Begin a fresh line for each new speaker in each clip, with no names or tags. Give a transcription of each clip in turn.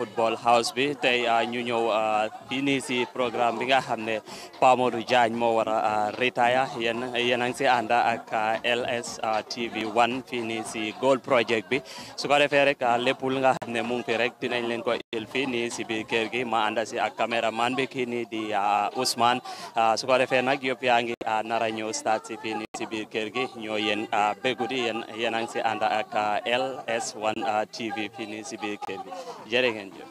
football house bi tay ah, ñu ñëw ah, fii nii si programme bi nga xam ne Pa Modou Jagne moo ah, retire yen yéen a ngi si anda ak LS TV 1 fii si Gold Project bi su ko defé rek lepp lu nga xam ne mu ngi rek dinañ leen ko il fii nii si bi kër gi ma anda si ak cameraman bi kini di Ousmane su ko defé nak yop yaa ngi nara ñëw start ci fii nii si bi kër gi ñoo yen begudi yen yen a ngi si anda ak LS1 TV fii nii si bi kër gi jere ngeen change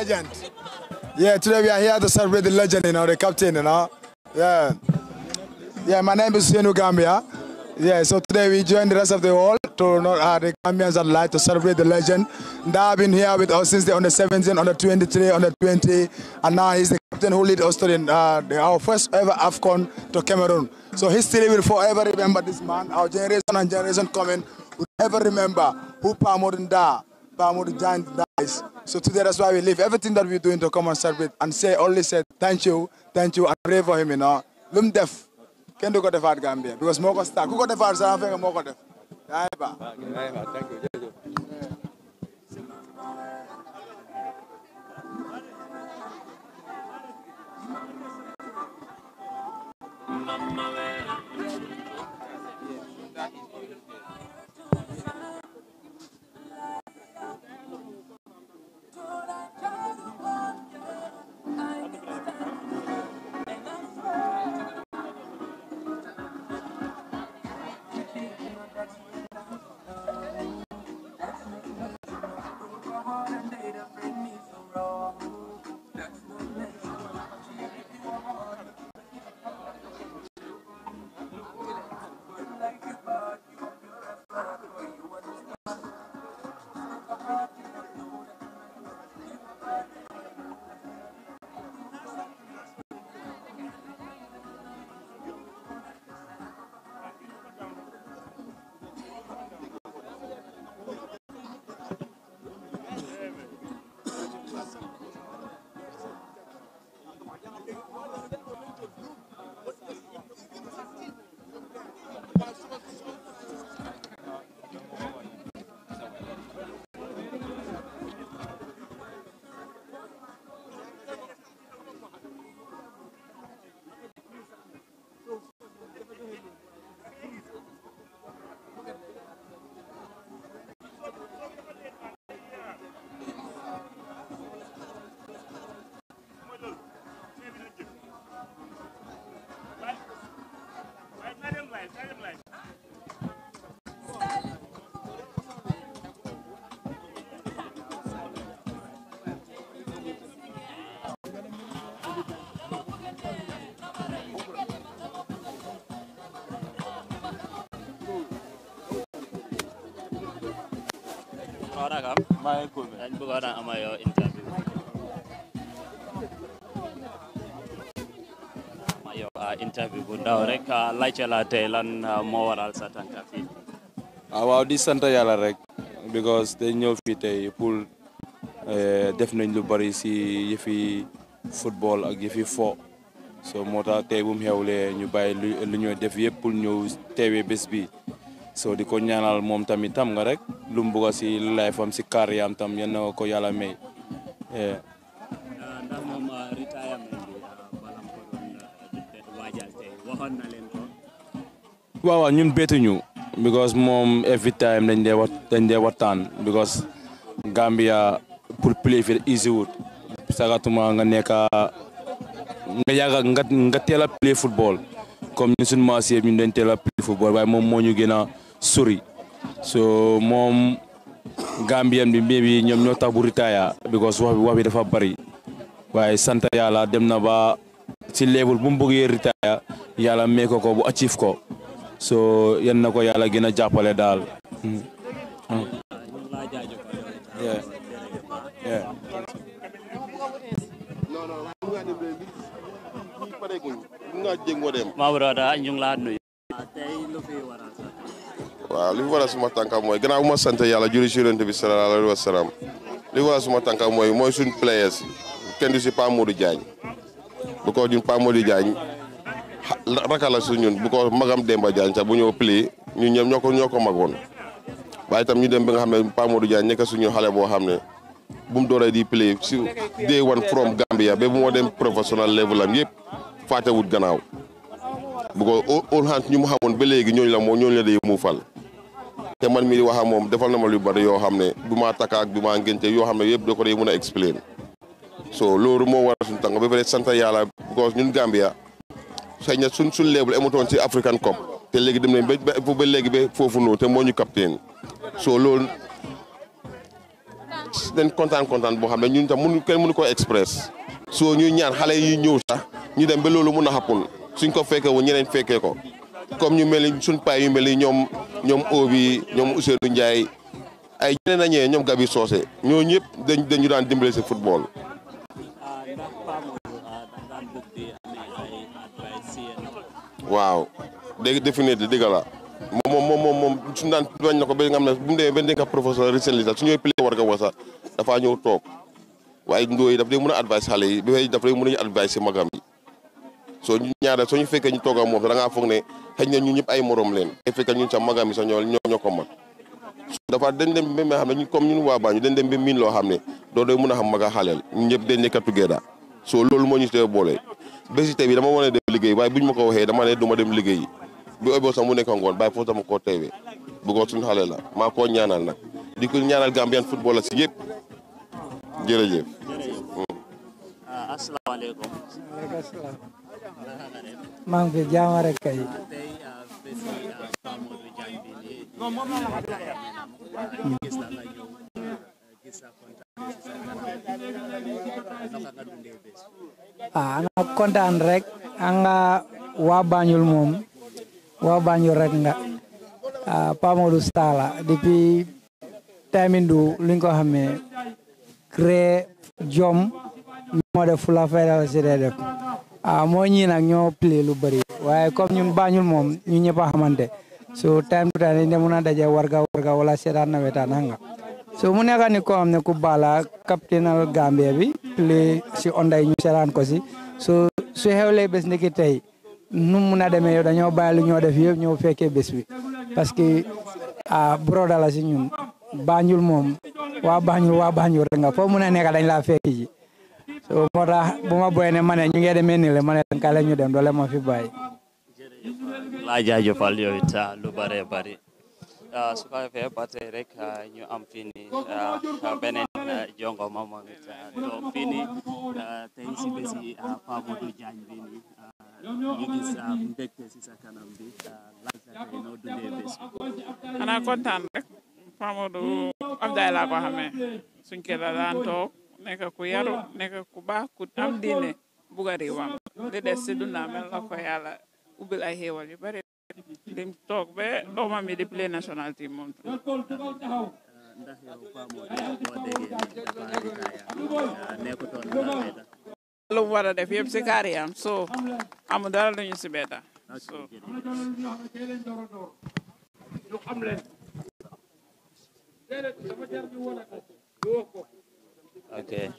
Legend. Yeah, today we are here to celebrate the legend, you know, the captain, you know. Yeah. Yeah, my name is Yenu Gambia. Yeah, so today we join the rest of the world to not uh, the Gambians that like to celebrate the legend. That have been here with us since the under 17, under 23, under 20, and now he's the captain who lead us to uh, the, our first ever AFCON to Cameroon. So history will forever remember this man. Our generation and generation coming will ever remember who Hupa that. Giant dies. So today that's why we leave everything that we're doing to come and celebrate and say only say thank you, thank you, and pray for him, you know. Lum can Ken do go the at Gambia because Moko star. Who go def at South Africa? Moko def.
Thank you.
Wala bu ndaw rek laajte lan uh, moo waral sa tànka fii ah waaw di
sant yàlla rek because dañ ñëw fii tey pour eh, def nañ lu bari si yëfi football ak yëfi fo so moo tax tey bu mu xewlee ñu bàyyi lu ñuy def yëpp pour ñëw teewee bés bi so di ko ñaanal moom tamit tam nga rek lu mu bugg si life si carrière am tam yal na ko yàlla may. Eh. ndax moom ah, retirement ah, ah, ñun bettuñu. because moom every time dañ dee wax dañ dee waxtaan because Gambia pour play fi easy wut. sagatuma nga nekk nga yàgg nga nga teel a play football comme ñun suñu maas yëpp ñun dañ teel a football waaye moom moo ñu gën a sori. so moom Gambien bi ñoom ñoo tax bu retire because wax bi wax dafa bari waaye sant yàlla dem na ba ci level bu mu bëggee retire yàlla ko ko bu achieve ko so yan ko yàlla gën a jàppale daal. Hmm. maa
ngi
waaw li fi suma tànka mooy gannaaw bu juru sant yàlla julli si bi sallallahu alayhi wa li suma players kenn du si Pa Modou Diagne bu ko ñun Pa Modou Diagne rakala bu ko magam Demba Diagne sax bu play ñun ñoom ñoo ko magoon waaye itam ñu dem bi nga xam Pa Modou suñu di play day one from Gambia ba bu dem professionnel level am yëpp fàttewut gannaaw bu ko all ñu mu xamoon ba léegi ñooñu la moo ñooñu la day te man mii di wax ak moom defal na ma lu bari yoo xam ne bi maa takkaak bi maa ngénte yoo xam ne yëpp da ko day mën a explain so loolu moo war suñu tànk ba pare sant yàlla because ñun Gambia xëy suñ suñ leebul amutoon ci African Cup te léegi dem nañ ba ba léegi ba foofu noonu te moo ñu capitaine so loolu dañ kontaan kontaan boo xam ne ñun tam mënu kenn mënu ko express so ñuy ñaan xale yi ñëw sax ñu dem ba loolu mën a xappun suñ ko fekkee wu ñeneen fekkee ko comme ñu mel ni suñ yu mel ni ñoom ñoom Obi ñoom Ousseynou Ndiaye ay ñeneen nañee ñoom Gabi Socé ñoo ñëpp dañ dañu daan dimbale si football. waaw dégg définite dégg la moom moom moom moom daan bañ na ko ba nga xam ne bu mu demee benn dénk professeur Richelieu su ñooy play war nga wasa dafaa ñëw toog waaye ndooy daf dee mën a advice xale yi bi fay daf dee mën a advice si magam yi. soo ñu ñaareel soo ñu fekkee ñu toog ak moom sax da ngaa foog ne xëy na ñun ñëpp ay morom leen te fekkee ñun sax magam yi sax ñoo ñoo ko mat dafa dañ dem ba nga xam comme ñun waa Banjul dañ dem ba miin loo xam ne doo doy mën a xam mag a xaleel ñun ñëpp dañ nekk soo loolu moo ñu tee boole ba si tey bi dama mën a dem liggéey waaye ñu ma ko waxee dama ne du ma dem liggéey bi oboo sax mu nekk ngoon bàyyi foofu dama koo teewee bu ko suñu xale la maa koo ñaanal nag di ko ñaanal Gambian football la si yëpp jërëjëf
mm.
ah, asalaamaaleykum
maa ngi fi jaamare
ah anak kontaan rek anga wabanyul Banjul moom waa Banjul rek nga Pa Modou Sala depuis taimindu luñ ko xamee jom moo def fu la fayda la A ah, mo ñii nag ñoo play lu bëri waaye comme ñun Banjul moom ñu ñëpp a so time to time dañu mën a warga warga wala seetaan nawetaan xam nga so mu nekk ni ko xam ne ku baala captainal Gambia bi play si onday ñu seetaan ko si so su xewlee bes ni ki tey nu mun a demee yow dañoo bàyyi lu ñoo def yëpp ñëw fekkee bés bi parce que ah broda la si ñun Banjul wa banyu Banjul waa Banjul rek nga fo mun a dañ la fekk ji so moo tax bu ma boy ne ma ne ñu ngi demee nii la ma ne ñu dem doole ma fi bàyyi
laa jaajëfal yow it lu bare bari ah, su ko defee ba tey rek ñu am fii nii ah, ah, beneen jongo ma moom it donc fii nii tey si bési Paa Modou Jagne bi nii ñu gis mbégte si sa kanam bi laaj la tey noo dundee bés bi xanaa kontaan rek
Paa Modou Abdoulaye laa ko xamee
suñ kër la daan nekk ku yaru
nekk ku baax ku am diine bugg a réewam di des si dundam mel ko yàlla ubbil ay xéewal yu di toog ba doomam yi di play national moom tam lu mu a def yëpp si kaariyam so amul dara lu si beta
Oke.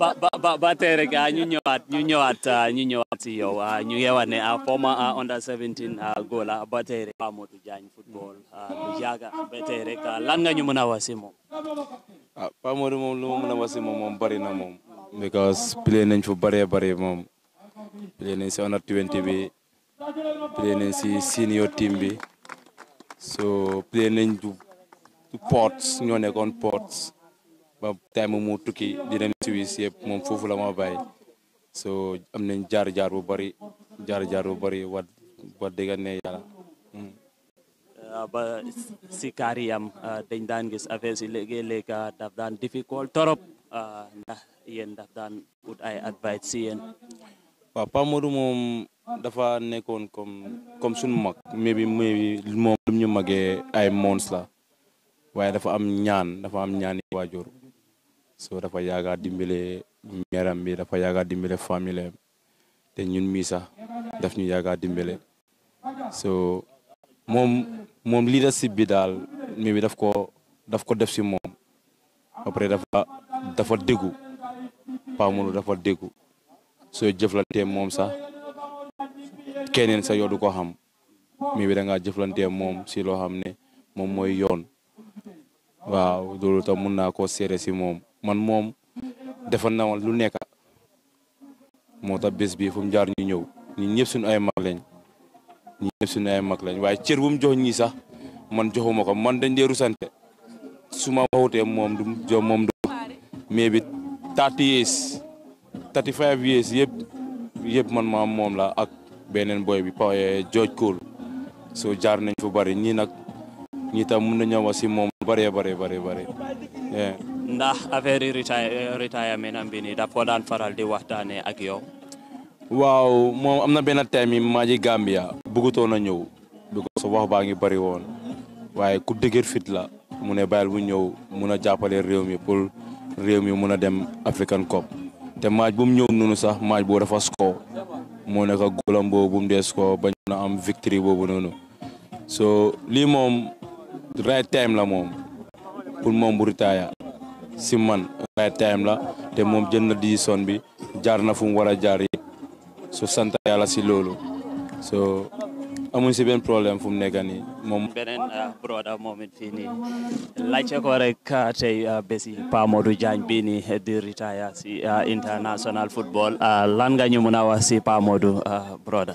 ba ba ba ba tere ga ñu ñëwaat ñu ñëwaat ñu ñëwaat si yow ñu ngi wax ne former uh, under 17 uh, gola ba tey rek uh, Momodou Jagne football lu rek lan ñu mën a wasi si moom. ah Pa lu ma mën a wax
si moom moom bari na moom. because play nañ fu bëree bari moom. play nañ si under 20 bi play si senior team bi so play nañ du ports ñoo nekkoon ports ba time mu tukki di dem Suisse yëpp moom foofu la ma bàyyi. so am nañ jaar-jaar bu bari jaar-jaar bu bari wa wax dëgg hmm.
ah, ba si carrière am ah, dañ daan gis affaire si léeg-léeg daf daan difficult torop ah, ndax yéen daf daan ut ay advice si yéen waaw Pa Modou moom
dafa nekkoon comme comme suñu mag mais bi mais moom lu ñu magee ay mons la waaye dafa am ñaan dafa am ñaan waajur so dafa yaaga dimbale ñeram bi dafa yaga dimbele famille te ñun mi sax daf ñu yaga dimbele so mom mom leadership bi dal mi bi daf ko daf ko def si mom, après dafa dafa déggu Pa Modou dafa déggu So, jëflantee mom sa, keneen sa yodu ko xam mi bi da nga jëflantee mom si lo xam mom moy yoon waaw dulu ta mun na ko seere si mom man mom. defal na lu nekk moo tax bés bi fom jaar ñu ñëw ñun ñëpp suñu ay mag lañ ñun ñëpp ay mag lañ waaye cër bu mu jox ñii sax man joxuma ko man dañ dee rusante su ma waxutee moom du jo mais bi thirty years thirty five years yëpp yëpp man maam moom la ak beneen boy bi pa George Cole soo jaar nañ fu bari ñii nag ñi tam mën nañoo wax si moom bëree bëri bëri bëri.
ndax affaire yi retirement am me nii daf ko daan faral di waxtaanee ak yow.
waaw moom am na benn time yi maa ji Gambia. bëggutoon a ñëw. because wax baa ngi bëri woon waaye ku dëgër fitla la. mu ne bàyyil bu ñëw mun a jàppale réew mi pour réew mi mun a dem African Cup te maaj bu mu ñëw noonu sax maaj boo dafa score moo nekk góolam boobu bu mu dee score bañ na am victory boobu noonu so lii moom. right time la mom, pour mom bu ritaaya si man right time la te mom jeun na décision bi jar na fu wara jar yi so sante yalla si lolu so amun si ben problème fu mu mom Benen, ah, brother
beneen broda moom it ko rek ah, tey ah, bés Pa Modou Jagne bi ni eh, di retire si international football lan nga ñu mëna wax si Pa Modou broda.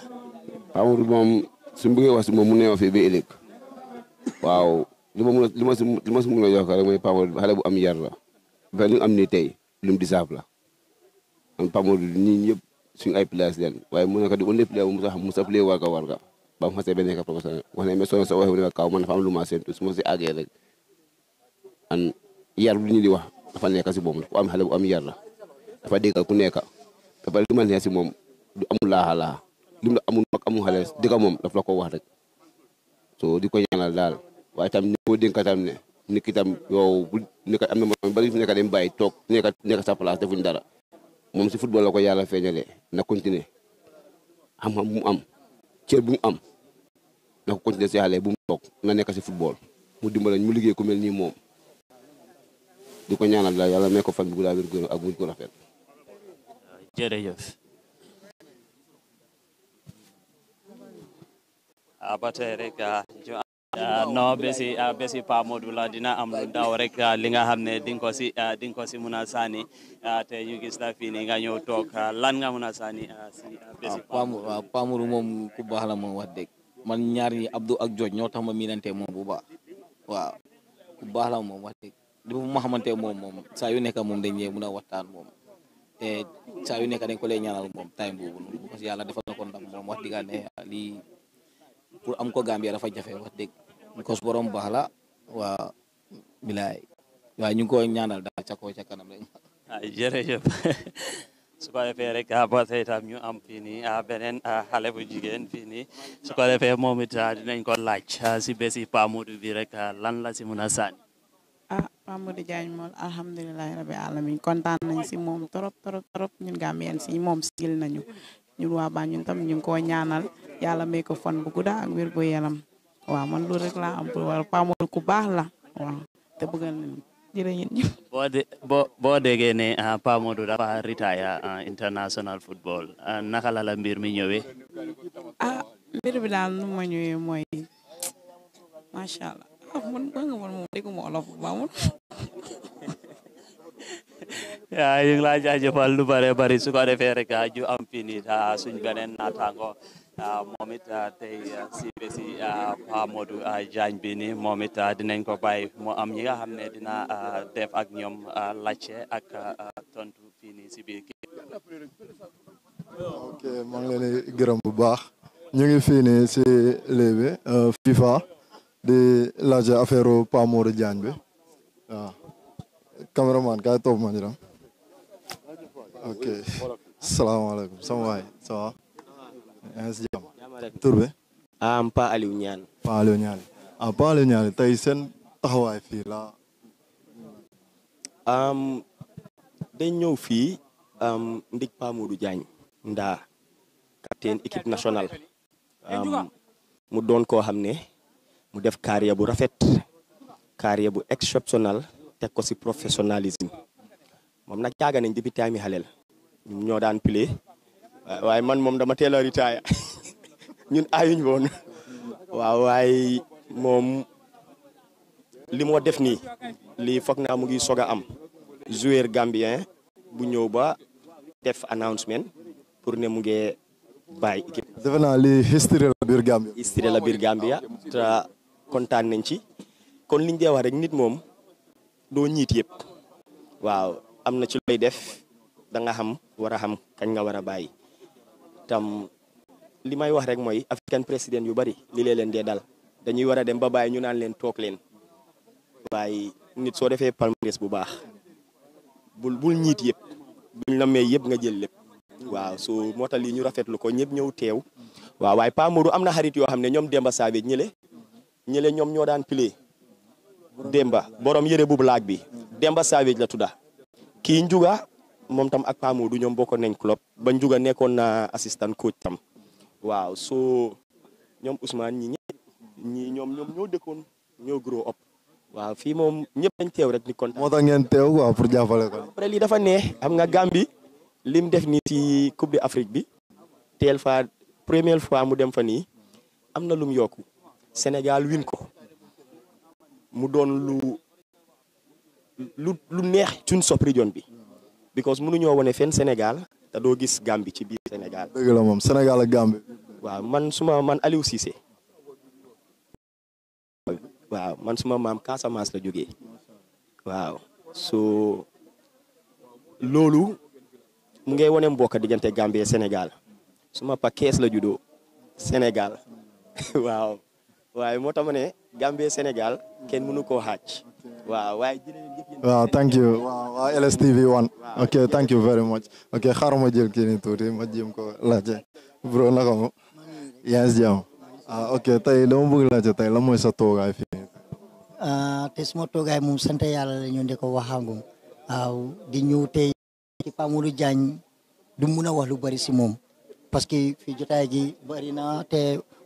Pa Modou moom su mbugé wax mom mu neew fi elek
waaw lu ma mën ma si li ma si mën a yokk rek mooy Pape Modou xale bu am yar la. bu am ni tey lu mu di saaf la man Pape ni ñëpp ñëpp suñu ay place leen waaye mu ne ko di wane plé mu sax mu sax plé warga warga ba mu xasee ba nekk professionnel wax ne mais soo sa waxee bu ne kaw man dafa am lu ma séntu su ma si àggee rek an yar bu ñu di wax dafa nekk si moom ku am xale bu am yar la dafa dégg ku nekk dafa li ma neex si moom du amul laaxa lu lim la amul mag amul xale dëgg moom daf la ko wax rek. so di ko ñaanal daal waaye tam ni ko dénk tam ne nit ki tam yow bu nekk am na moom bari fi nekk dem bàyyi toog nekk nekk sa place ñu dara moom si football la ko yàlla feeñalee na continuer xam-xam bu am cër bu mu am na ko continuer si xale bu mu toog na nekk si football mu dimbalañ mu liggéey ku mel moom di ko ñaanal daal yàlla may ko fan bu guddaa wér gu ak wér gu rafet
jërëjëf abate rek ya, no besi ah, besi pamodou la dina am lu daw rek li nga xamne ding ko ci ding ko ci muna a te ñu gis la fii nii nga ñew tok lan nga muna a si besi pa
waaw mom ku bax la mo wax dëgg man ñaar yi abdou ak jooj ñoo tax ma minante mom bu ba waaw ku bax la mom wax dëgg du bu ma xamante mom mom sa yu nekk mom dañ a waxtaan mom te sa yu nekk dañ ko lay ñaanal mom time bu bu ko yalla defal ko ndam mom wax ne pour am ko Gambia dafa jafe wax dëgg kos borom bax la wa bilay wa ñu ko ñaanal da ca ko ca kanam rek
ay jërëjëf su ko defé rek ba tey tam ñu am a ah, benen a ah, xalé bu jigen fini su ko defé moom ah, dinañ ko laaj si bési Pa Modou bi rek lan la si mëna a
ah Pa diagne mol moom rabbi alamin kontan nañ si mom torop torop torop ñun Gambien si mom sil nañu ñun waa ñun tam ñu ko ñaanal yalla may ko fan bu guda ak wirgo yalam wa man lu rek la am pour wala pamol ku bax la wa te bëggal
bo de bo ne pamodu da dafa retire eh, international football eh, naka la la mbir mi ñëwee
ah mbir bi dal nu ma ya, moy ma sha allah ah man ba nga man ko mo lof ba mun
ya ñu la jaje fal lu bare bare su ko defé rek ju am fini ta suñu benen natango Ah, moom it ah, tey ah, si bési Pa bi ni moom it dinañ ko bàyyi mu am ñi nga xam ne dina def ak ñoom laajte ak tontu fii nii si biir kii ok
gërëm bu baax ñu ngi fii nii si léebi euh, FIFA di laajte affaire Pa Modou bi waaw cameraman kaay topp ma ñu dem ok salaamaaleykum sama waay ça
yaa ngi si jàmm. tur be. Ah, ah Pa Aliou Niane.
Pa Aliou Niane ah Pa Aliou Niane tey seen taxawaay fii la.
Um, dañ ñëw fii um, ndig Pa Modou Diagne. ndaa capitaine équipe nationale. Um, mu doon koo xam ne mu def carrière bu rafet. carrière bu exceptionnel te ko si professionnalisme moom nag yàgg nañ depuis xaleel ñoom ñoo play Ah, waaye man moom dama teel a ritaaya ñun aayuñ woon waaw waaye moom li moo def nii lii foog na mu ngi soog a am joueur gambien bu ñëw ba def announcement pour ne mu ngi bàyyi équipe.
defe naa lii biir Gambia.
history la biir Gambia kontaan nañ ci kon liñ dee wax rek nit moom doo ñiit yëpp. waaw am na ci looy def danga xam war a xam kañ nga war a bàyyi. tam li may wax rek mooy african président yu bari li lee leen dee dal dañuy war a dem ba bàyyi ñu naan leen toog leen waaye nit soo defee palmarès bu baax bul bul ñiit yëpp buñ la may yëpp nga jël lépp waaw so moo tax lii ñu rafetlu ko ñëpp ñëw teew waaw waaye Pa Modou am na xarit yoo xam ne ñoom Demba Savage ñële ñële ñoom ñoo daan play Demba boroom yëre bu black bi Demba Savage la tudda kii njuga mom tam ak pamou du ñom bokko nañ club ba njuga nekkon na assistant coach tam waaw so ñom Ousmane ñi ñi ñom ñom ñoo dekkon ñoo grow up waaw fi mom ñepp dañ tew rek ni kontaan. mo tax
ngeen tew waaw pour jafale ko.
après li dafa neex xam nga gambi lim def ni ci coupe d'Afrique bi tel fa première fois mu dem fa ni am na lum yokku Sénégal win ko mu doon lu lu lu neex suñ sop région bi because ñoo wane fen Sénégal da do gis Gambi ci biir Sénégal.
deug la mom Sénégal ak Gambi
waaw man suma man Aliou Cissé. waaw man suma mam Casamance la juga. waaw so lolu mu ngay wane mbokk Gambi et Sénégal suma pa caisse la Senegal. Sénégal waaw waaye moo tax Senegal ken Gambie Sénégal mënu waaw
thank you waa LSTV one ok thank you very much ok xaaral ma jël kii nii tuuti ma jéem ko laajte bro naka mu yaa ah ok tey dama bëgg laajte tey lan mooy sa toogaay fii
ah, te suma toogaay moom sant yàlla la ñu di ko waxaangum waaw di ñëw tey ci Pamodou Jagne du mun a wax lu bari si moom parce que fii jotaay gi bari na te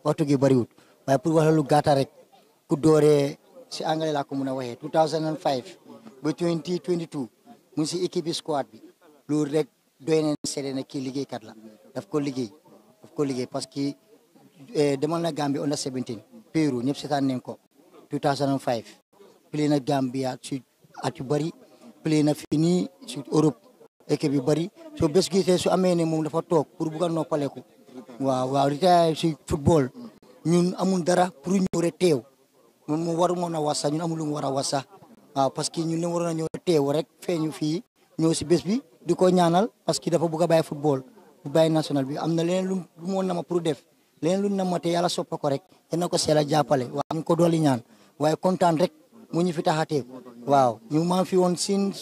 waxtu gi bariwut waaye pour wax la lu rek ku dooree si anglais laa ko mun a waxee 2005 ba 2022 mu si équipe bi squad bi loolu rek doy nañ seede na kii liggéeykat la daf ko liggéey daf ko liggéey parce que eh, demal na Gambie under 17 Pérou ñëpp seetaan nañ ko 2005 play na Gambia si at yu bëri play na fii nii si Europe équipe yu bëri soo bés gisee su amee ne moom dafa toog pour bugg a noppaleku waaw waaw retire si football ñun amul dara pour ñu teew mu mo na wasa ñun amul war wara wasa ah parce que ñun ne waru na ñoo téw rek feñu fi ñoo si bés bi diko ñaanal parce que dafa bëgg baay football bu baay national bi amna leneen lu mo na nama pour def leneen lu nama te té yalla soppako rek dina na ko seela jappalé wa ñu ko doli ñaan waye contane rek mu ñu fi taxaté waaw ñu ma fi won sin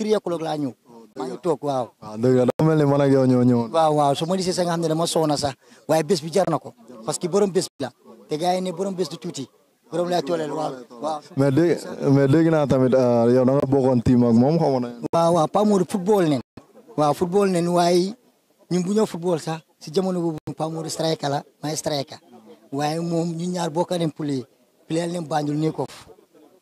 three o'clock laa ñëw maa ngi tok waaw.
waaw dëgg la dafa mel man ak yow ñoo ñëwoon.
waaw waaw su ma gisee sa nga xamné dama soona sax waye bi jar parce que borom bés bi la té gaay ne borom bés du tuti Romla ya, tole lwa. Mede mede gina tamit yow eh, da nga bokon team ak mom xamone. Wa wa pa mo football nen. Wa football nen way ñun bu ñoo football sax ci jamono bobu pa mo striker la, ma striker. Waye mom ñu ñaar bokka dem play. Play len banjul ni ko.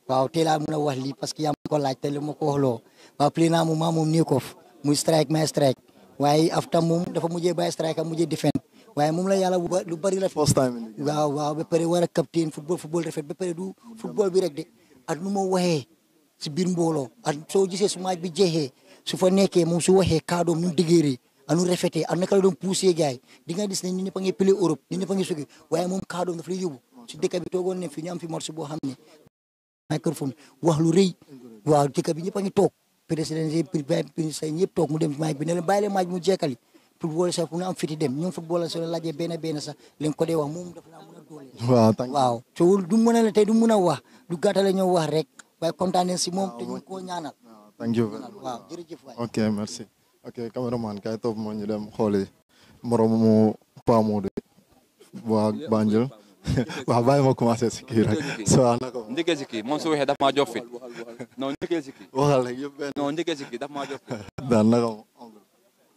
Waaw té la mëna wax li parce que yam ko laaj té lu mako wax lo. Wa play na mo ma mom ni ko. Mu strike ma strike. Waye after mom dafa mujjé bay striker mujjé defend. waaye moom la yàlla lu bari la. first time waaw waaw ba pare war a captain football football ba pare du football bi rek de ak nu ma waxee si biir mbooloo ak soo gisee su maaj bi jeexee su fa nekkee moom su waxee kaadoom nu digéeree anu rafetee ak naka la doon poussé gars yi di ga gis ne ñu ñëpp a ngi pili Europe ñu ñëpp a ngi sugi waaye moom kaadoom daf lay yóbbu si dëkk bi toogoon ne fi ñu fi marché boo xam ne microphone wax lu rëy waaw bi ñëpp a ngi toog président yi ñëpp toog mu dem bi ne leen bàyyi leen maaj mu football sa kuna am fiti dem ñu football so laaje bena bena sa leen ko de wax mum dafa am mën
a doole waaw
waaw te du mëna la tay du mëna wax du gàttale ñoo wax rek waaye contane ci mom te ñu koo ñaanal
thank you waaw jërëjëf waay ok merci ok cameraman kay top mo ñu dem morom mu Pa de waa Banjul wa bàyyi mo commencé ci ki rek so ko
ndike ci ki mo su wéxé dafa ma jox fit non ndike ci ki waxal rek yëpp non ndike ci ki dafa ma jox fit daan naka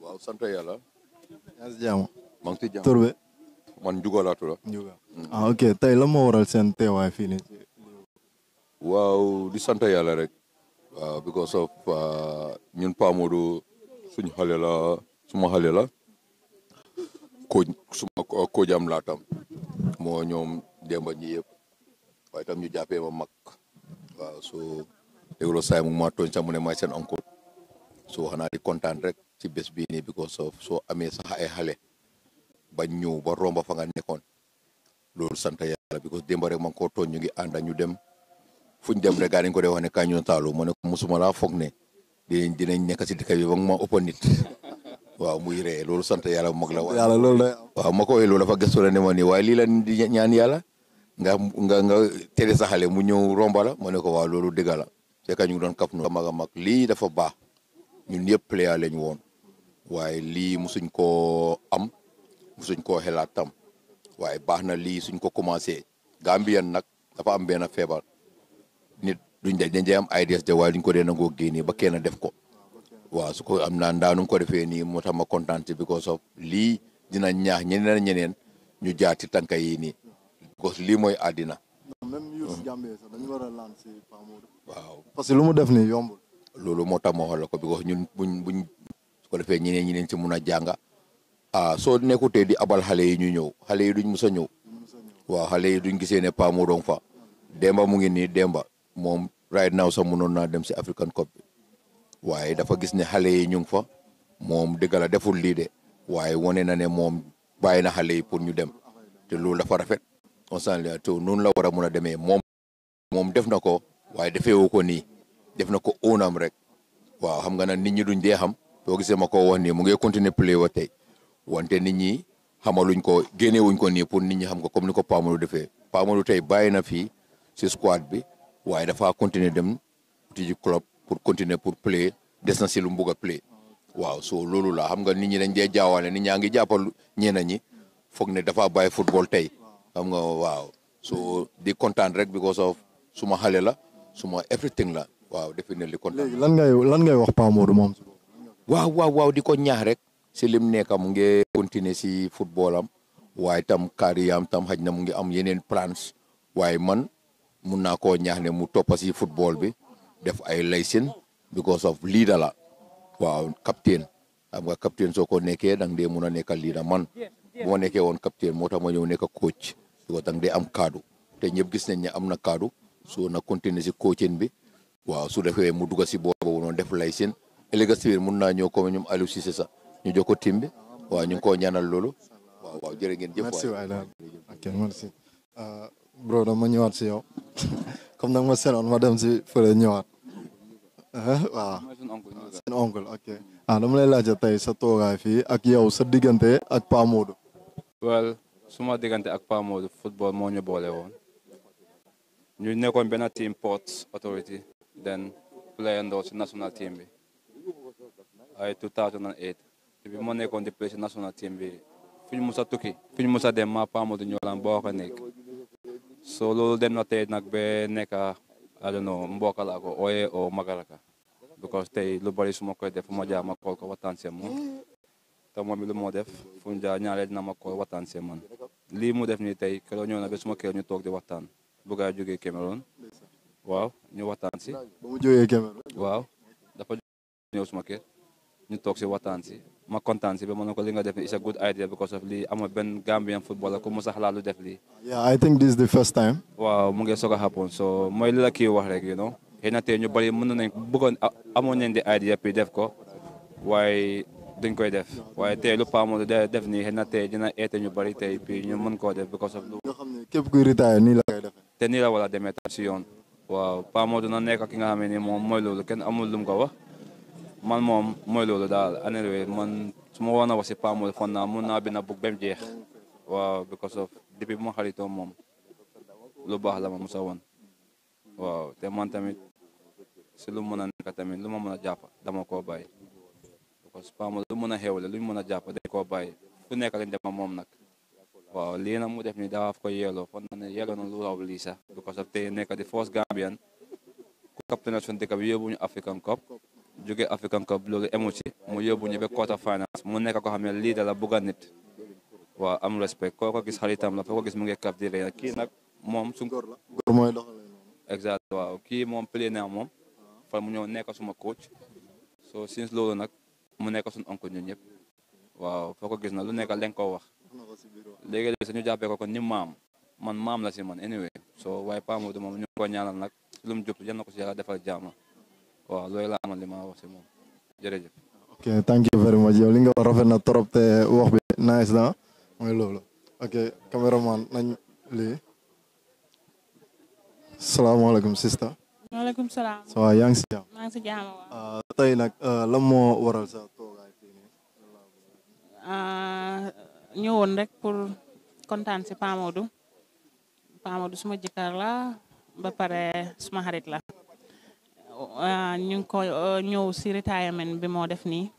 waaw sant yàlla ya yaa ngi si jàmm. ngi si jàmm tur
be. man Ndiouga laa ah, ok tey la moo waral seen teewaay fii nii.
waaw di sant yàlla rek. waaw ah, because of ah, ñun Pa Modou suñu la suma xale la. ko suma koojaam laa moo ñoom Demba ñi yëpp. waaye tam ñu jàppee ma mag. waaw so déglu saa mu ma tooñ sax mu ne maay seen oncle. so xanaa di kontaan rek. ci bés bii nii because of soo amee sax ay xale ba ñëw ba romba fa nga loolu sant yàlla because démb rek ma ngi koo tooñ ñu ngi ànda ñu dem fuñ dem rek gaa ko dee wax ne kaa ñu ma mu ne ko musuma laa foog ne dinañ dinañ nekk si dëkk bi ba ma ëpp nit waaw loolu sant yàlla bu mag la waaw yàlla loolu la waaw ma ko wee loolu dafa waaye lii la di ñaan yàlla nga nga nga tere sa xale mu ñëw romba ma ne ko waaw loolu dëgg la fekk ñu ngi doon kaf nu mag a mag lii dafa baax ñun yëpp player lañ woon waaye lii musuñ ko am musuñ koo xelaat tam waaye baax na lii suñ ko commencé Gambien nag dafa am benn feebal nit duñ dañ dañ am ideas de waaye duñ ko dee nangoo génnee ba kenn def ko waaw su ko am naa ndaanu ko defee nii moo tax ma kontaan ci because of lii dina ñaax ñeneen ñeneen ñu jaar ci yi nii because lii mooy àddina waaw parce que lu mu def nii yombul loolu moo tax ma ko because ñun buñ buñ ko defee ñeneen ñi leen ci mun a jànga ah soo nekkutee di abal xale yi ñu ñëw xale yi duñ mus a ñëw waaw xale yi duñ gisee ne Pa moo doon fa Demba mu ngi nii Demba moom right now sax mënoon naa dem si African Cup dafa gis ne xale yi ñu fa moom dëgg la deful lii de waaye wone na ne moom bàyyi na xale yi pour ñu dem te loolu dafa rafet constantly te noonu la war a mun a demee moom moom def na ko waaye defeewu ko nii def na ko óonam rek waaw xam nga nag nit ñi duñ dee xam boo gisee ma ko wax nii mu ngi continuer play wa tey wante nit ñi xamaluñ ko génnewuñ ko nii pour nit ñi xam nga comme ni ko Paamalou defee Paamalou tey bàyyi na fii si squad bi waaye dafa continuer dem tiji club pour continuer pour play des na si lu mu bugg play waaw so loolu la xam nga nit ñi dañ dee jaawaale nit ñaa ngi jàppal ñeena ñi foog ne dafa bàyyi football tey xam nga waaw so di kontaan rek because of suma xale la suma everything la waaw definitely kontaan.
léegi lan ngay lan ngay wax Paa Modou moom.
waaw waaw waaw di ko ñaax rek si lim nekka mu ngi continuer si football am waaye tam carrière tam xaj na mu ngi am yeneen plans waaye man mun naa koo ñaax ne mu toppa si football bi def ay licence because of leader la waaw capitaine xam nga capitaine soo ko nekkee dang dee mun a nekka leader man bu ma nekkee woon capitaine moo tax ma ñëw nekka coach because dang dee am kaadu te ñëpp gis nañ ne am na kaadu soo na continuer si coaching bi waaw su defee mu dugg si boobu noonu def licence Iliga Civil mun na ñëw comme ñoom Aliou Cissé ñu timbe wa ñu ngi koo ñaanal loolu waaw waaw jërë ngeen
jëf merci waay daal ok merci euh, bro dama ñëwaat si yow comme nag ma senoon ma dem si fële ñëwaat euh, waaw seen oncle ok ah dama lay laajte tey sa fi ak yow sa digante ak Pa Modou
well suma digante ak Pa Modou football moo ñu boole woon ñu nekkoon team Ports Authority then on the national team ay 2008 bi ma nekkoon di président national team bi fu ñu a tukki fu ñu a dem ma Paamadou Ñoolaan boo ko nekk soo loolu dem na tey nag ba nekk I don't know mbokk laa ko ooyee oo magaraka because tey lu bari suma koy def fu ma jaar ma kool ko waxtaan see moom te moom moo def fu mu jaar dina ma man lii mu def nii tey keroog ñoo na ba suma kër ñu toog di waxtaan bu gaa jógee Cameroon waaw ñu waxtaan si ba mu jógee Cameroon waaw dafa ñëw suma kër ñu toog si waxtaan si ma kontaan si ba ma ne ko li nga def is a good idea because lii amul benn Gambian footballer ku mu sax laa def lii.
yeah I think this is the
waaw mu ngi soo a happen so mooy li la kii wax rek you know xëy na tey ñu bëri mënoon nañ bëggoon amoon nañ di idea puis def ko waaye duñ koy def waaye tey lu Paamal de def nii xëy na tey ñu bari tey puis ñu mën koo def because of lu. nga xam ne
képp kuy nii la koy defee.
te nii la wala demee tam si yoon. waaw Paamal dina nekk ki nga xamee ne nii moom mooy loolu kenn amul lu mu ko wax. man moom mooy loolu daal anyway man su ma waroon a wax si Pa Modou foog naa mun naa bind book ba mu jeex waaw because of depuis ma xaritoo moom lu baax la ma musa woon waaw te man tamit si lu mën a nekk tamit lu ma mën a jàpp dama koo bàyyi parce que Pa Modou lu mën a xewle lu ñu mën a jàpp dañ koo bàyyi fu nekk lañ dema moom nag waaw lii nag mu def ni daa ko yeeloo foog naa ne yeeloo na lu raw lii sax because of te nekk di force Gambian ku captain suñu dëkk bi yóbbuñu African Cup jóge African Cup loolu emu ci mu yóbbu ñu ba quarter finals mu nekk ko xam ne lii da la bëgg a nit waaw am respect koo ko gis xaritam la foo ko gis mu ngi kaf di rey kii nag moom su góor mooy doxale exact waaw kii moom play na moom ah. fa mu ñëw nekk suma coach so nag mu nekk suñu oncle ñun ñëpp waaw foo ko gis na lu nekk leen ko wax léegi-léegi ñu jàppee ko ko ni maam man maam la si man anyway so waaye Pa Modou moom ñu ko ñaanal nag lu mu jubtu yal na ko si yàlla defal jaama waaw looy la amal li ma wax
thank you very much yow ya, li nga wax rafet na trop te wax bi nice na mooy loolu ok cameraman nañ lii sister. sista.
maaleykum salaam.
so yaa ngi si jàmm.
maa ngi si jàmm waaw.
Ah, tey nag eh, lan moo waral sa toogaay fii ah, nii.
ñëwoon rek pour kontaan si Pamodou Pamodou suma jëkkër la ba pare suma xarit la. Eh, ñu ko eh, ñëw si retirement bi mo def ni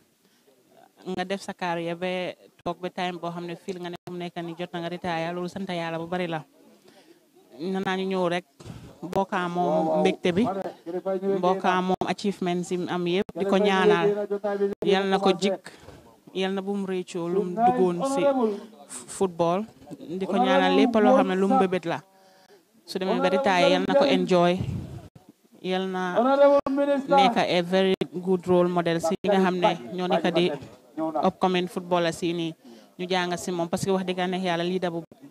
nga def sa carrière be tok be time bo xamne fil nga ne mu nekk ni jot nga retire lulusan sant yalla bu bari la na naa ñu ñëw rek boka mbekté bi boka achievement sim am yépp di ñaanal yalla nako jik yalla na bu mu lu mu si football di ñaanal lepp lo xamne lu mu bebet la su demé ba retire yalla nako enjoy yal na a very good role model si nga xamne ñoo nekk di upcoming footballer si ni ñu jang si mom parce que wax dëgg yalla li da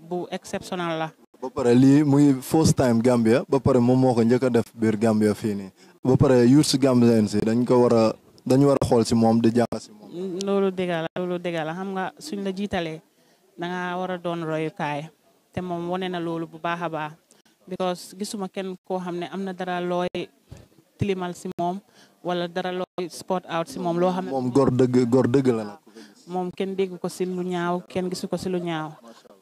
bu exceptional la.
ba pare lii muy first time Gambia ba pare mom moko ko def bir Gambia nsi. ni ba pare youth Gambian si dañ ko wara dañ wara xol a xool si di jang
si mom lolu dëgg la loolu la xam nga suñ la jitalé da nga wara don doon kay té mom woné na lolu bu baaxa baax. because gisuma kenn koo xam ne am na dara looy tilimal si moom wala dara looy sport out si moom loo xam ne moom
góor dëgg góor dëgg la nag
moom kenn dégg ko si lu ñaaw kenn gisu ko si lu ñaaw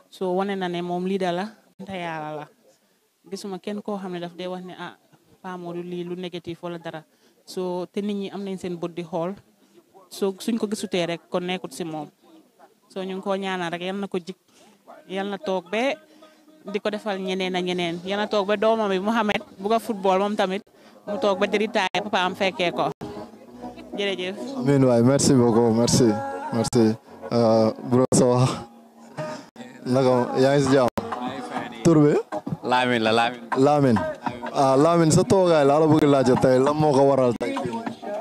so wane na ne moom lii da la te yàlla la kenn koo xam ne daf dee wax ne ah Pamodou lii lu négatif wala dara so te nit ñi am nañ seen bët di xool so suñ ko gisutee rek kon nekkut si moom so ñu ngi koo rek yal na ko jik yal na toog bee di ko defal ñeneen ak ñeneen yéen a toog ba doomam bi Mouhamed bugg football moom tamit mu toog ba diritaay papa am fekkee ko
jërëjëf. amiin waay merci beaucoup merci merci. Euh, bro sa wax naka yaa ngi si jàmm. tur bi. Lamine ah, toogaay la la bëgg laajte tey lan waral tey.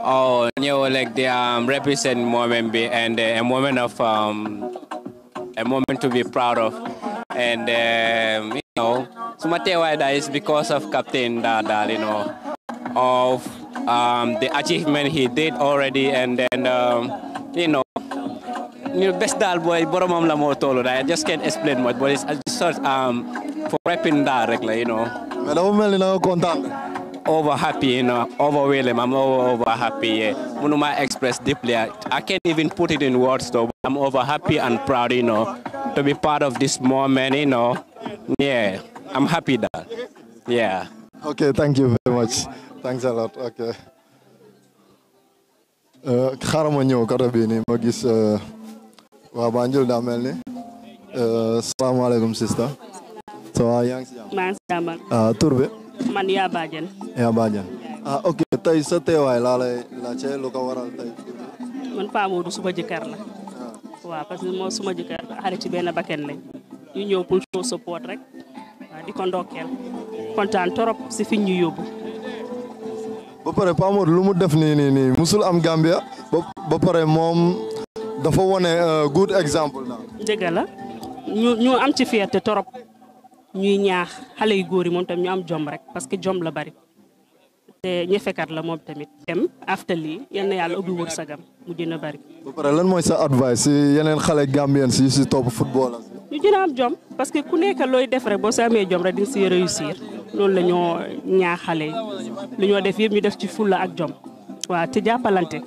Oh, And, um, you know, Sumatewa that is because of Captain Dada, you know, of um, the achievement he did already. And then, um, you know, you know, best dal boy, boromam la more tolo. I just can't explain much, but it's, just sort um, for repping directly, you know over happy, you know, overwhelmed. I'm over, over happy. Yeah. Munuma expressed deeply. I, I, can't even put it in words, though. I'm over happy and proud, you know, to be part of this moment, you know. Yeah, I'm happy that. Yeah.
Okay, thank you very much. Thanks a lot. Okay. xaaral ma ñëw côté bii nii
man yaa baajan
yaa baajan ah ok tey sa teewaay laa lay laajte lu ko waral tey
man Paa Modou suma jëkkër la waaw parce que moom suma jëkkër xarit ci benn bakken lañ ñu ñëw pour show support rek waaw di ko kontaan trop si fi ñu yóbbu
ba pare Paa lu mu def nii nii musul am Gambia ba pare moom dafa wone euh, good example na
dëgg la ñu am ci fierté trop ñuy ñaax xale yu góor yi moom tam ñu am jom rek parce que jom la bari te ñefekat la moom tamit dem after lii yal na yàlla ubbi wërsëgam mu gën a bari. ba lan
mooy sa advice si yeneen xale Gambien si si topp football
ñu gën am jom parce que ku nekk looy def rek boo sa amee jom rek di nga si réussir loolu la ñoo ñaax xale yi ñoo def yëpp ñu def ci fulla ak jom waa te jàppalante.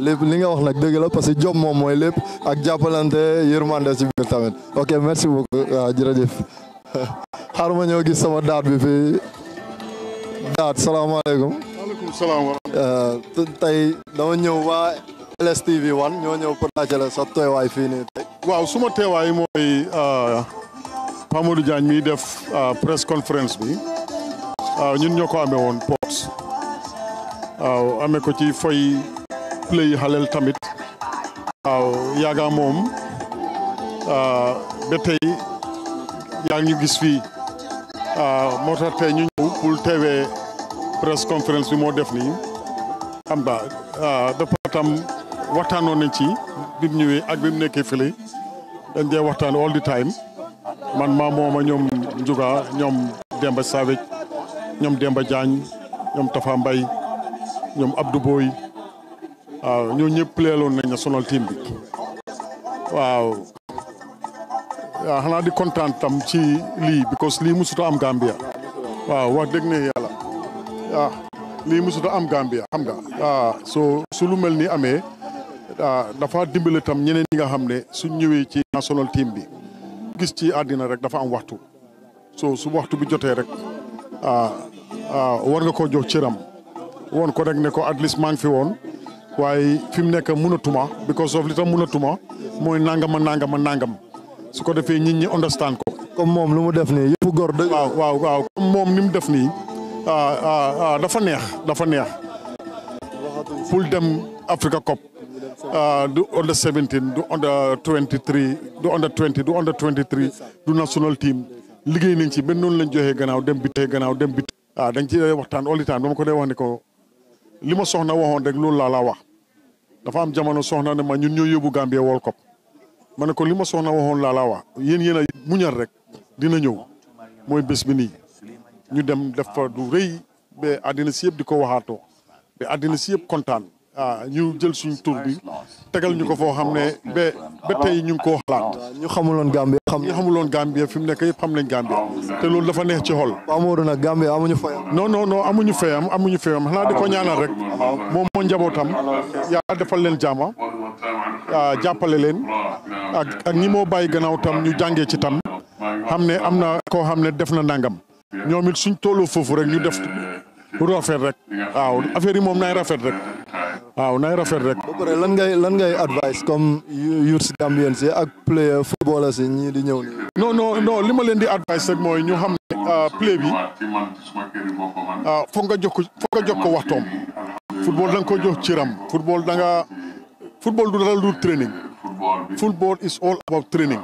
lépp li nga wax nak deug la parce que jom mom moy lepp ak jappalante yermande si bir tamen ok merci beaucoup waaw ah, jërëjëf xaar ma gis sama daat bi fi daat salaamaaleykum. maaleykum salaam wa rahmatulah. Ah, tey dama LSTV one ñoo ñëw pour laajte la sa teewaay fii nii tey. waaw suma
ah, Diagne mi def press conference bi ñun ñoo ko amee woon Port waaw ko ci play xaleel tamit waaw moom ah, ba tey yaa ngi ñu gis fii ah, moo tax tey ñu ñëw pour teewee press conférence bi moo def nii xam nga ah, dafa tam waxtaanoon ci bi mu ñëwee ak bi mu waxtaan all the time man maa mooma ñoom Njuga ñoom Demba Savage ñoom Demba Diagne ñoom Tafa Mbaye ñoom Abdou Boy waaw ñoo ñëpp pleeloon nañ national team bi waaw xanaa di kontaan tam ci lii because lii musuta am Gambia waaw wax dëgg ne yàlla waaw lii musuta am Gambia xam nga waaw soo su lu mel ni amee ah, dafa dimbale tam ñeneen ñi nga xam ne suñ ñëwee ci national team bi gis ci àddina rek dafa am waxtu so su waxtu bi jotee rek ah, ah, war nga ko jox cëram woon ko rek ne ko at least fi woon waaye fi mu nekk mënatuma because of li tax mënatuma mooy nangam nangama nangam su ko defee nit ñi understand ko. comme moom lu mu def nii yëpp góor dëgg. waaw waaw waaw moom ni mu def nii ah, ah, ah, dafa neex dafa neex pour dem Africa Cup du under 17 du under 23 du under 20 du under 23 du national team liggéey nañ ci benn noonu lañ joxee gannaaw dem bi tey gannaaw dem bi. ah dañ ci waxtaan all the time ko dee wax ne ko. li ma soxna waxoon rek loolu laa laa wax dafa am jamono soxna ne ma ñun ñëw yóbbu Gambia World Cup ma ne ko li ma soxna waxoon laa laa wax yéen yéen a muñal rek dina ñëw mooy bés bi nii ñu dem def fa du rëy ba àddina si yëpp di ko waxaatoo ba àddina si yëpp kontaan. ah ñu jël suñ tur bi tegal ñu ko foo xam ne ba
ba tey ñu ngi koo xalaat. ñu xamuloon Gambie
xam ñu xamuloon Gambie fi mu nekk yëpp xam nañ Gambie te loolu dafa neex ci xol. waaw Modou nag Gambie amuñu fayam. non non non amuñu fayam amuñu fayam xanaa di ko ñaanal rek moom moo jabootam yàlla defal leen a ah, jàppale leen ak ak ñi moo bàyyi gannaaw tam ñu jàngee ci tam xam ne am na koo xam ne def na nangam ñoom suñ tolloo foofu rek ñu def. pour rafet rek waaw affaire yi moom nay rafet rek waaw nay rafet rek.
ba lan ngay lan ngay advice comme youths Gambien si ak player footballers si ñii di ñëw nii. non non non li ma leen di advice rek mooy ñu xam ne ah, play bi
ah, foog nga jox ko jox ko waxtoom. football da ko jox ciram football da nga football du dara du training. football is all about training.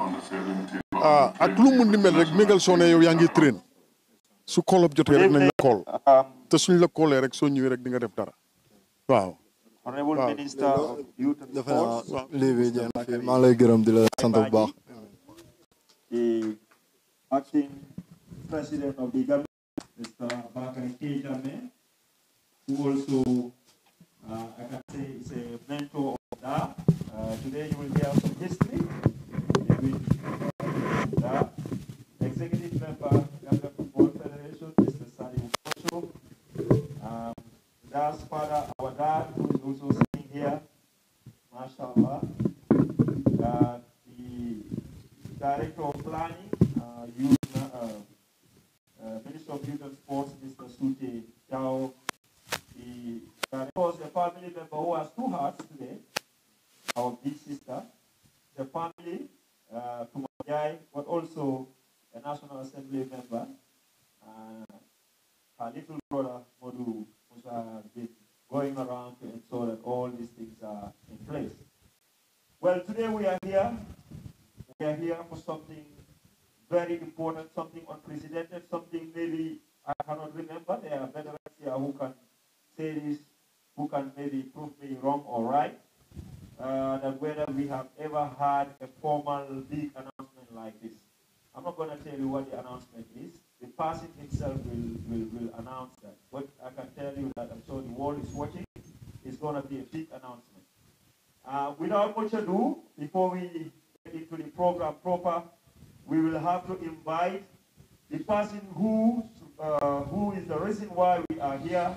Ah, ak lu mu mën rek mégal soo yow yaa ngi train su koolob jotee rek nañ la te suñ la koolee rek so ñëwee rek di nga def dara
waaw.
honorable minister of youth and sports léegi jeex na fi maa lay gërëm di la sant bu baax. the acting president of the Government, Mr. Bakari K. who also uh, I can say is a mentor of DA. Uh, today you will hear some history. With, the DA. Executive member does, Father, our God, who is also sitting here, mashallah, uh, the Director of Planning, uh, Youth, uh, uh, Minister of Youth and Sports, Mr. Sute Yao, the Director, the family member who has two hearts today, our big sister, the family, uh, Kumagai, but also a National Assembly member, uh, her little brother, Modu uh, been going around to ensure that all these things are in place. Well, today we are here. We are here for something very important, something unprecedented, something maybe I cannot remember. There are veterans here who can say this, who can maybe prove me wrong or right, uh, that whether we have ever had a formal big announcement like this. I'm not going to tell you what the announcement is the person himself will, will, will announce that. What I can tell you that I'm sure the world is watching It's going to be a big announcement. Uh, without much ado, before we get into the program proper, we will have to invite the person who, uh, who is the reason why we are here.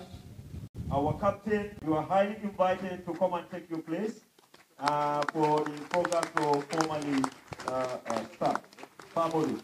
Our captain, you are highly invited to come and take your place uh, for the program to formally uh, uh, start. Family.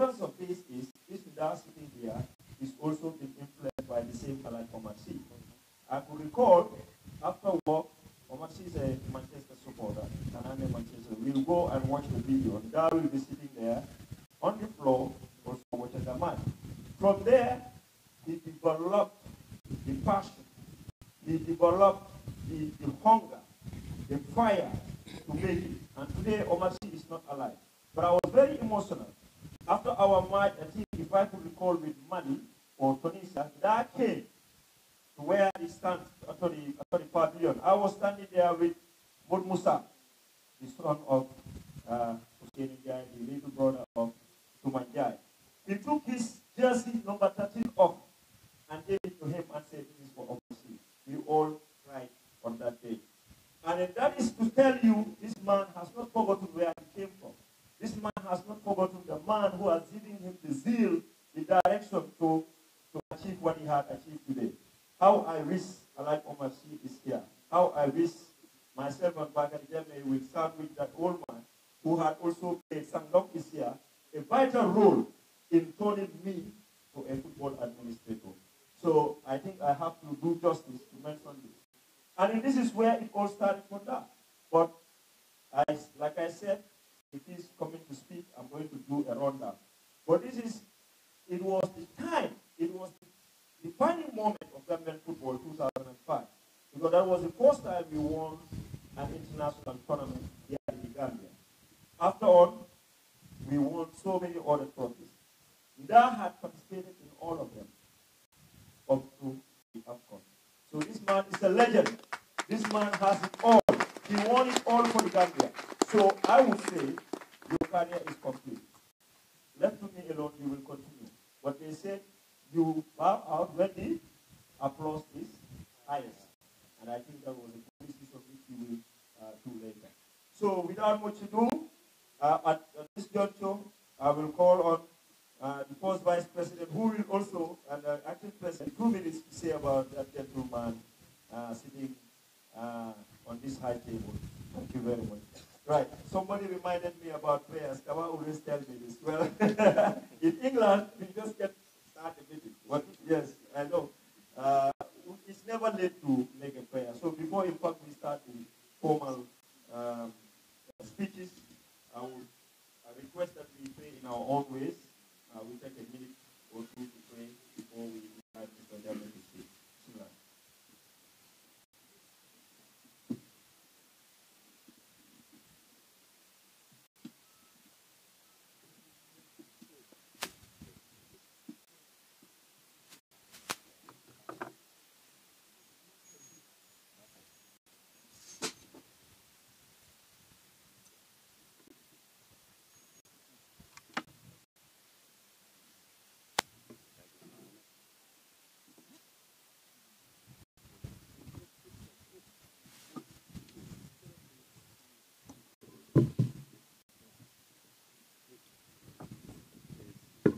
importance of this is this without sitting here is also being influenced by the same Kalai Komachi. I could recall after war, Komachi is a Manchester supporter, and I'm a Manchester. We'll go and watch the video. That will be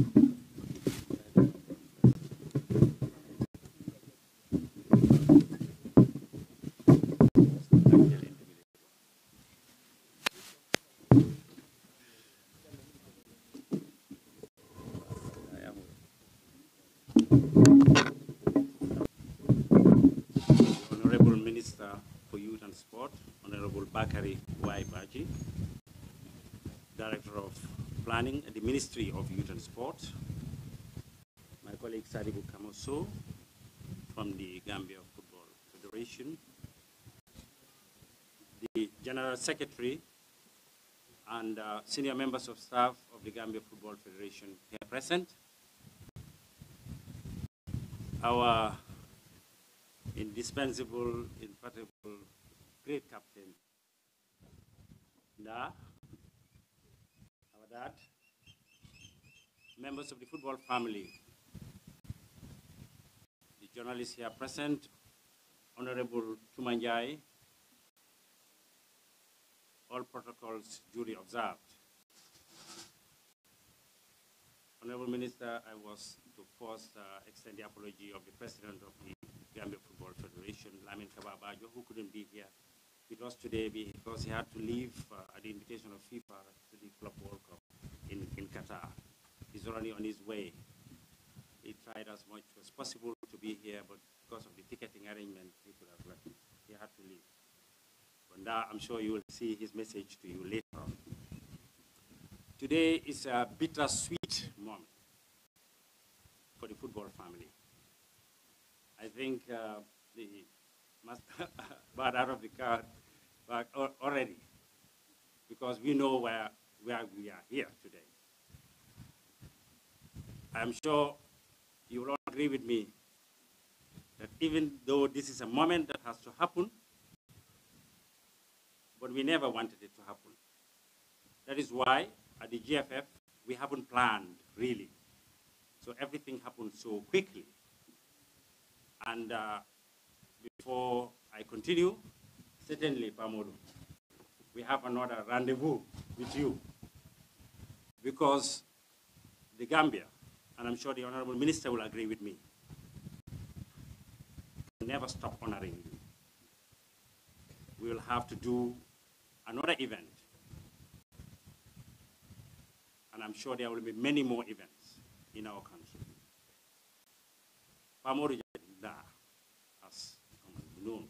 Thank you. Ministry of Youth and Sport, my colleague Sadiku Kamoso from the Gambia Football Federation, the General Secretary and uh, senior members of staff of the Gambia Football Federation here present, our indispensable, infatigable, great captain, Da, our dad, members of the football family, the journalists here present, Honorable Tumanjai, all protocols duly observed. Honorable Minister, I was to first uh, extend the apology of the President of the Gambia Football Federation, Lamin Kababajo, who couldn't be here with us today because he had to leave uh, at the invitation of FIFA to the Club World Cup in, in Qatar. He's already on his way. He tried as much as possible to be here, but because of the ticketing arrangement, he could have left. He had to leave. But now I'm sure you will see his message to you later on. Today is a bittersweet moment for the football family. I think uh, the must, but out of the car but already because we know where, where we are here today. I am sure you will all agree with me that even though this is a moment that has to happen, but we never wanted it to happen. That is why at the GFF, we haven't planned really. So everything happened so quickly. And uh, before I continue, certainly, Pamolo, we have another rendezvous with you because the Gambia and I'm sure the Honorable Minister will agree with me. Never stop honoring you. We will have to do another event. And I'm sure there will be many more events in our country. as known.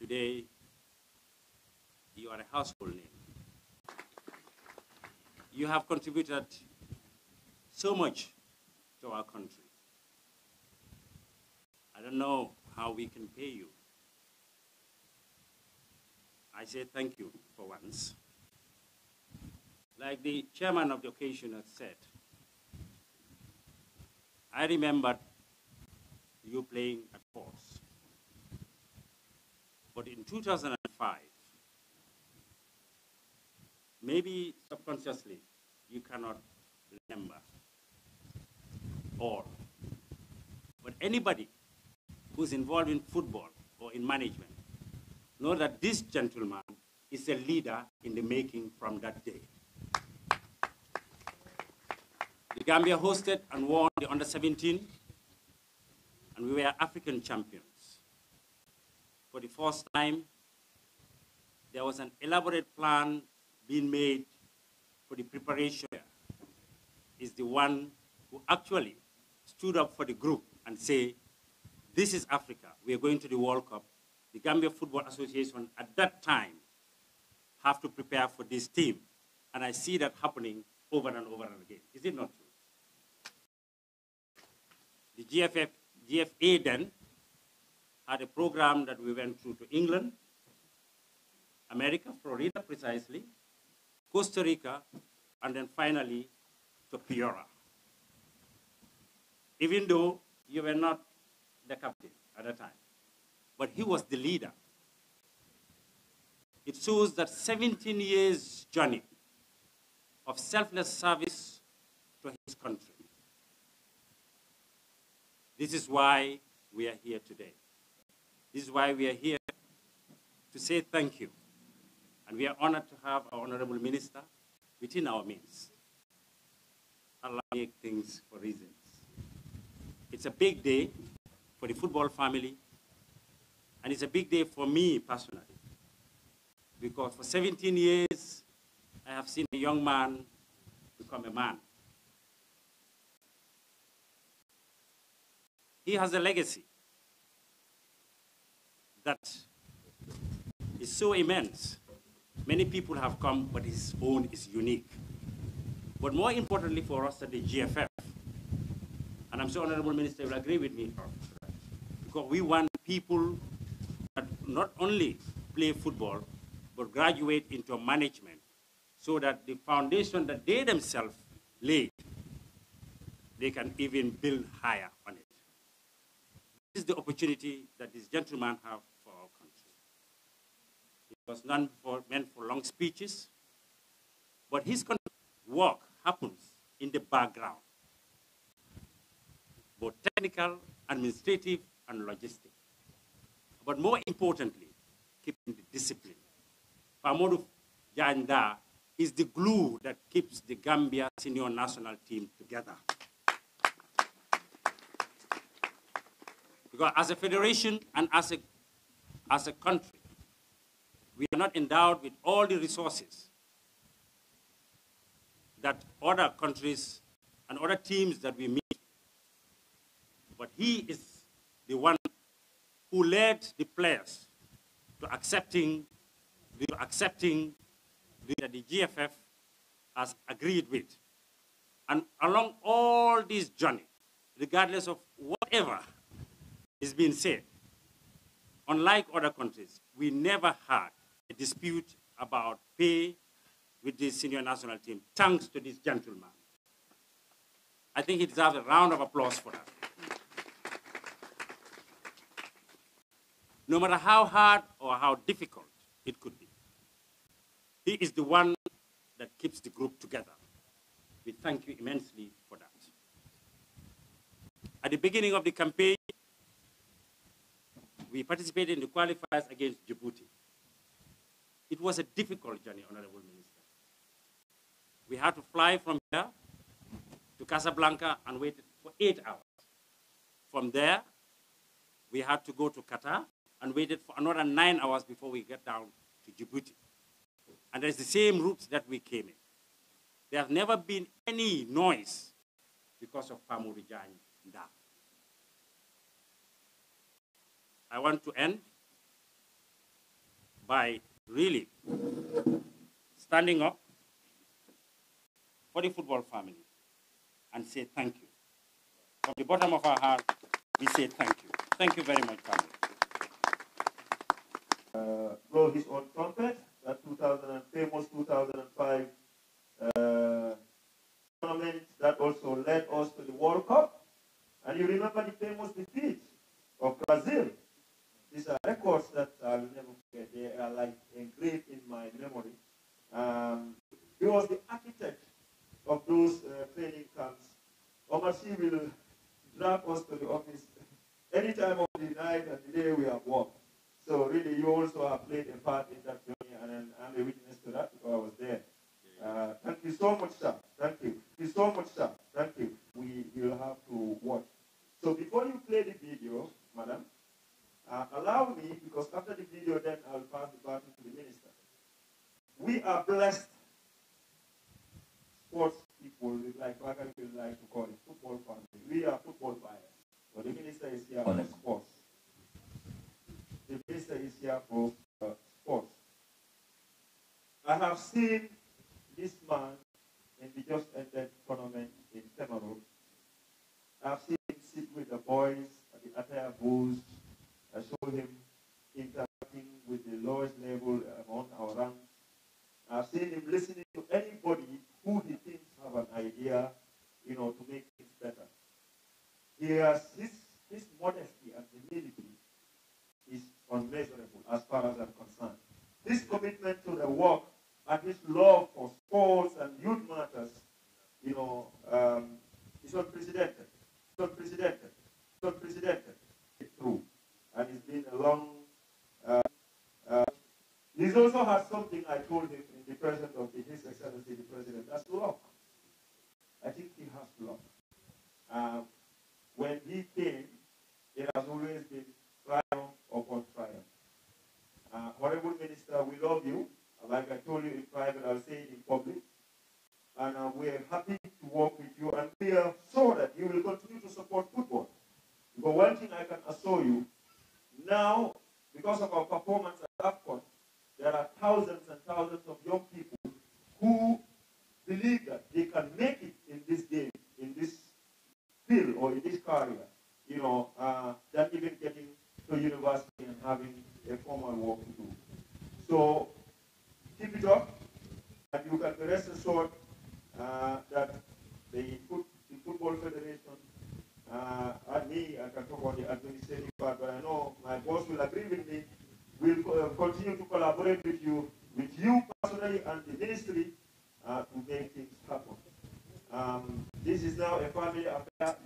Today, you are a household name. You have contributed so much to our country. I don't know how we can pay you. I say thank you for once. Like the chairman of the occasion has said, I remember you playing at force. But in 2005, maybe subconsciously, you cannot remember all. But anybody who's involved in football or in management know that this gentleman is a leader in the making from that day. The Gambia hosted and won the under 17, and we were African champions. For the first time, there was an elaborate plan being made for the preparation. Is the one who actually stood up for the group and say, this is Africa. We are going to the World Cup. The Gambia Football Association at that time have to prepare for this team. And I see that happening over and over and again. Is it not true? The GFF, GFA then had a program that we went through to England, America, Florida precisely, Costa Rica, and then finally to Peoria even though you were not the captain at the time. But he was the leader. It shows that 17 years journey of selfless service to his country. This is why we are here today. This is why we are here to say thank you. And we are honored to have our honorable minister within our means. Allah make things for reason. It's a big day for the football family, and it's a big day for me personally, because for 17 years, I have seen a young man become a man. He has a legacy that is so immense. Many people have come, but his own is unique. But more importantly for us at the GFF, and I'm sure Honorable Minister will agree with me. Because we want people that not only play football, but graduate into management so that the foundation that they themselves laid, they can even build higher on it. This is the opportunity that these gentlemen have for our country. It was not for, meant for long speeches, but his work happens in the background. Technical, administrative, and logistic. But more importantly, keeping the discipline. Pamodu Janda is the glue that keeps the Gambia senior national team together. Because as a federation and as a, as a country, we are not endowed with all the resources that other countries and other teams that we meet but he is the one who led the players to accepting, to accepting that the GFF has agreed with. And along all this journey, regardless of whatever is being said, unlike other countries, we never had a dispute about pay with the senior national team, thanks to this gentleman. I think he deserves a round of applause for that. no matter how hard or how difficult it could be. He is the one that keeps the group together. We thank you immensely for that. At the beginning of the campaign, we participated in the qualifiers against Djibouti. It was a difficult journey, Honorable Minister. We had to fly from here to Casablanca and wait for eight hours. From there, we had to go to Qatar and waited for another nine hours before we get down to Djibouti. And it's the same routes that we came in. There has never been any noise because of Pamurijani Dam. I want to end by really standing up for the football family and say thank you. From the bottom of our heart, we say thank you. Thank you very much, family
uh, blow his own trumpet. That 2000 famous 2005 uh, tournament that also led us to the World Cup. And you remember the famous defeat of Brazil. These are records that I will never forget. They are like engraved in my memory. Um, he was the architect of those uh, training camps. Omar will drag us to the office anytime of the night and the day we have worked. So really, you also have played a part in that journey, and I'm a witness to that because I was there. Uh, thank you so much, sir. Thank you. Thank you so much, sir. Thank you. We will have to watch. So before you play the video, madam, uh, allow me, because after the video, then I'll pass the baton to the minister. We are blessed sports people, like Bakari like to call it, football family. We are football buyers. But the minister is here on sports the minister is here for uh, sports. I have seen this man in the just ended tournament in Cameroon. I've seen him sit with the boys at the Ataya Bulls. I saw him interacting with the lowest level among our ranks. I've seen him listening to anybody who he thinks have an idea, you know, to make things better. He has his, his modesty and humility unmeasurable as far as I'm concerned. This commitment to the work and this love for sports and youth matters, you know, um, is unprecedented. It's unprecedented. It's unprecedented. It's true. And it's been a long. Uh, uh. This also has something I told him in the presence of the, His Excellency the President. That's luck. I think he has luck. Um, when he came, it has always been triumph upon triumph. Uh, Honorable Minister, we love you. Uh, like I told you in private, I'll say it in public. And uh, we're happy to work with you, and we are sure that you will continue to support football. But one thing I can assure you, now, because of our performance at AFCON, there are thousands and thousands of young people who believe that they can make it in this game, in this field, or in this career, you know, uh, than even getting to university and having a formal work to do. So keep it up, and you can rest assured uh, that the, the, Football Federation, uh, and me, I can talk about the administrative part, but I know my boss will agree with me, will uh, continue to collaborate with you, with you personally and the ministry uh, to make things happen. Um, this is now a family affair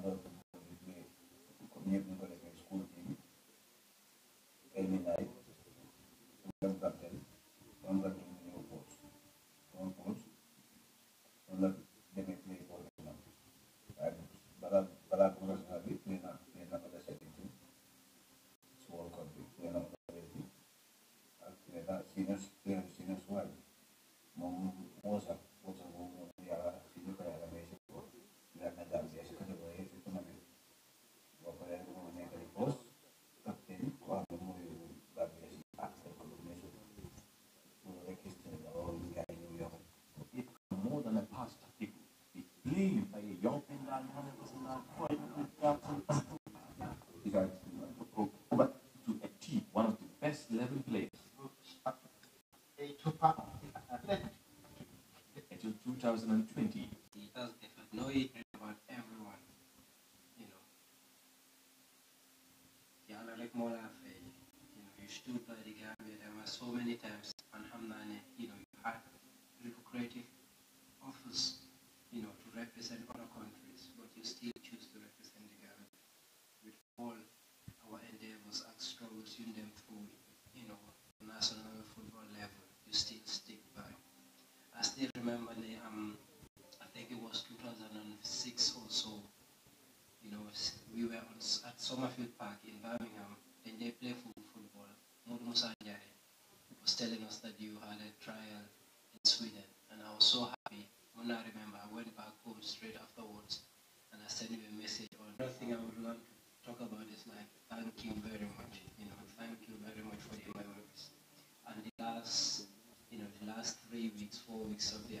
kind of
他们就是快。
Summerfield Park in Birmingham and they play football, Maud Musa was telling us that you had a trial in Sweden and I was so happy when I remember I went back home straight afterwards and I sent you a message The other thing I would want to talk about is like thank you very much. You know, thank you very much for the memories. And the last you know, the last three weeks, four weeks of the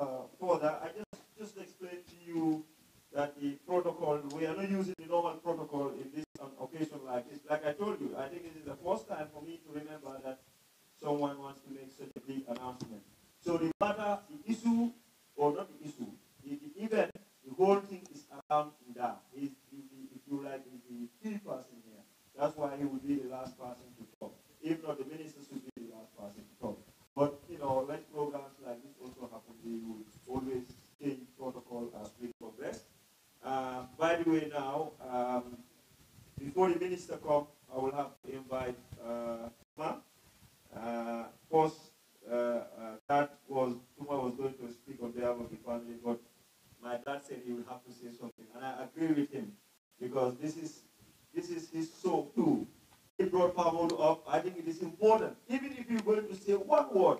of the country, but my dad said he would have to say something. And I agree with him because this is, this is his soul too. He brought Pavon up. I think it is important. Even if you're going to say one word,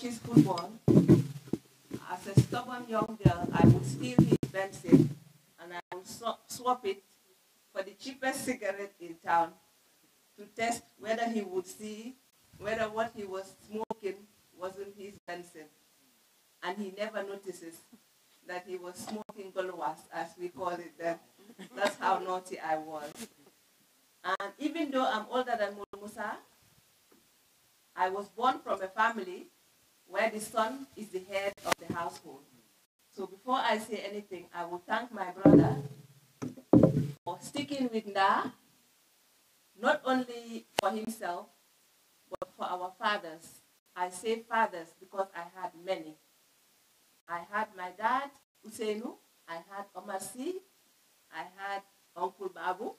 watching football, as a stubborn young girl, I would steal his Benson and I would swap it for the cheapest cigarette in town to test whether he would see whether what he was smoking wasn't his Benson. And he never notices that he was smoking I will thank my brother for sticking with NDA, not only for himself, but for our fathers. I say fathers because I had many. I had my dad, Usenu, I had Omasi. I had Uncle Babu,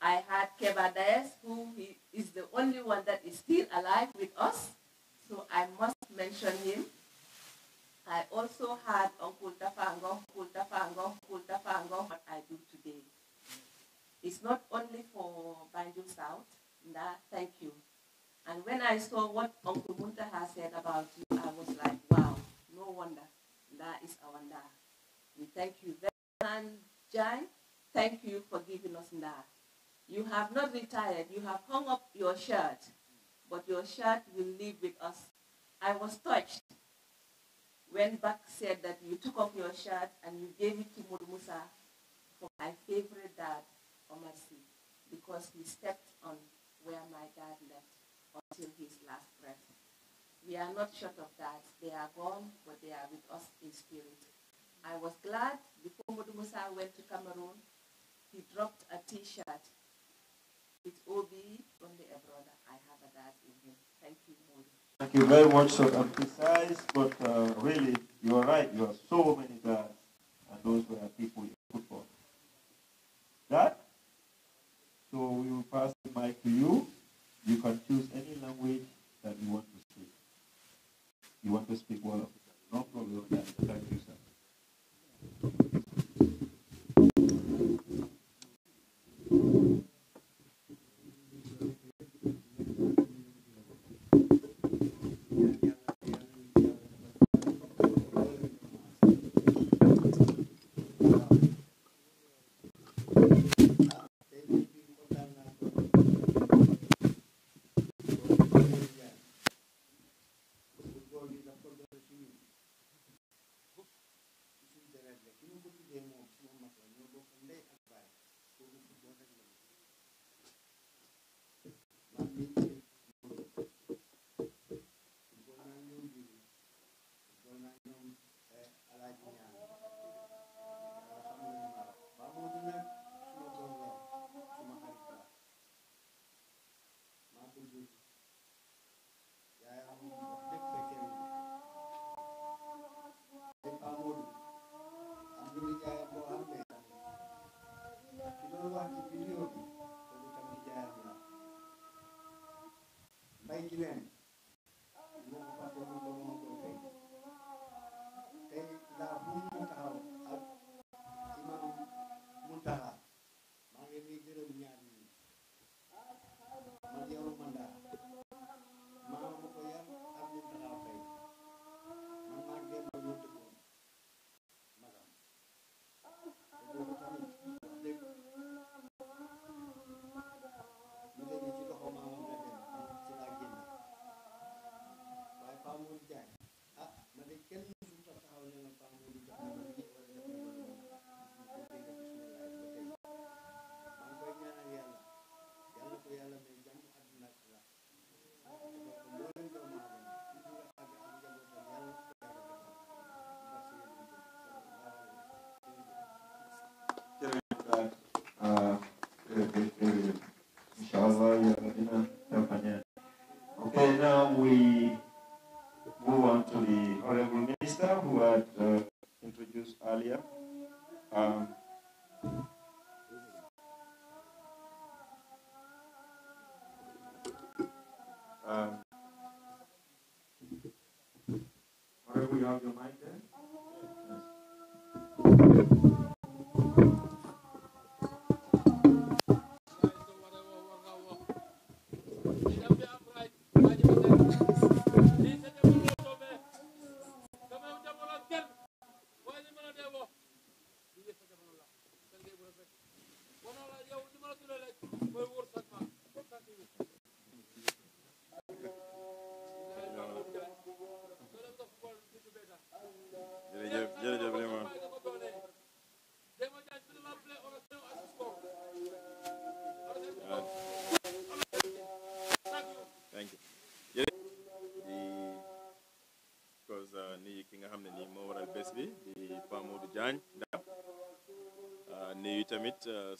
I had Keba who is the only one that is still alive with us, so I must mention him. I also had Uncle Tafango, Uncle Tafango, Uncle Tafango, what I do today. It's not only for Banjo South, nah, thank you. And when I saw what Uncle Munta has said about you, I was like, wow, no wonder. That is our Nda. We thank you very much. And Jan, thank you for giving us Nda. You have not retired. You have hung up your shirt, but your shirt will live with us. I was touched went back, said that you took off your shirt and you gave it to Murmusa for my favorite dad, Omasi, because he stepped on where my dad left until his last breath. We are not short of that. They are gone, but they are with us in spirit. I was glad before Mudumusa went to Cameroon, he dropped a t-shirt with Obi only a
brother. I have a dad in him. Thank you, Modu. Thank you very much for emphasize, but uh, really, you are right. You have so many guys, and those were people you put for That? So we will pass the mic to you. You can choose any language that you want to speak. You want to speak them? No problem. Thank you, sir.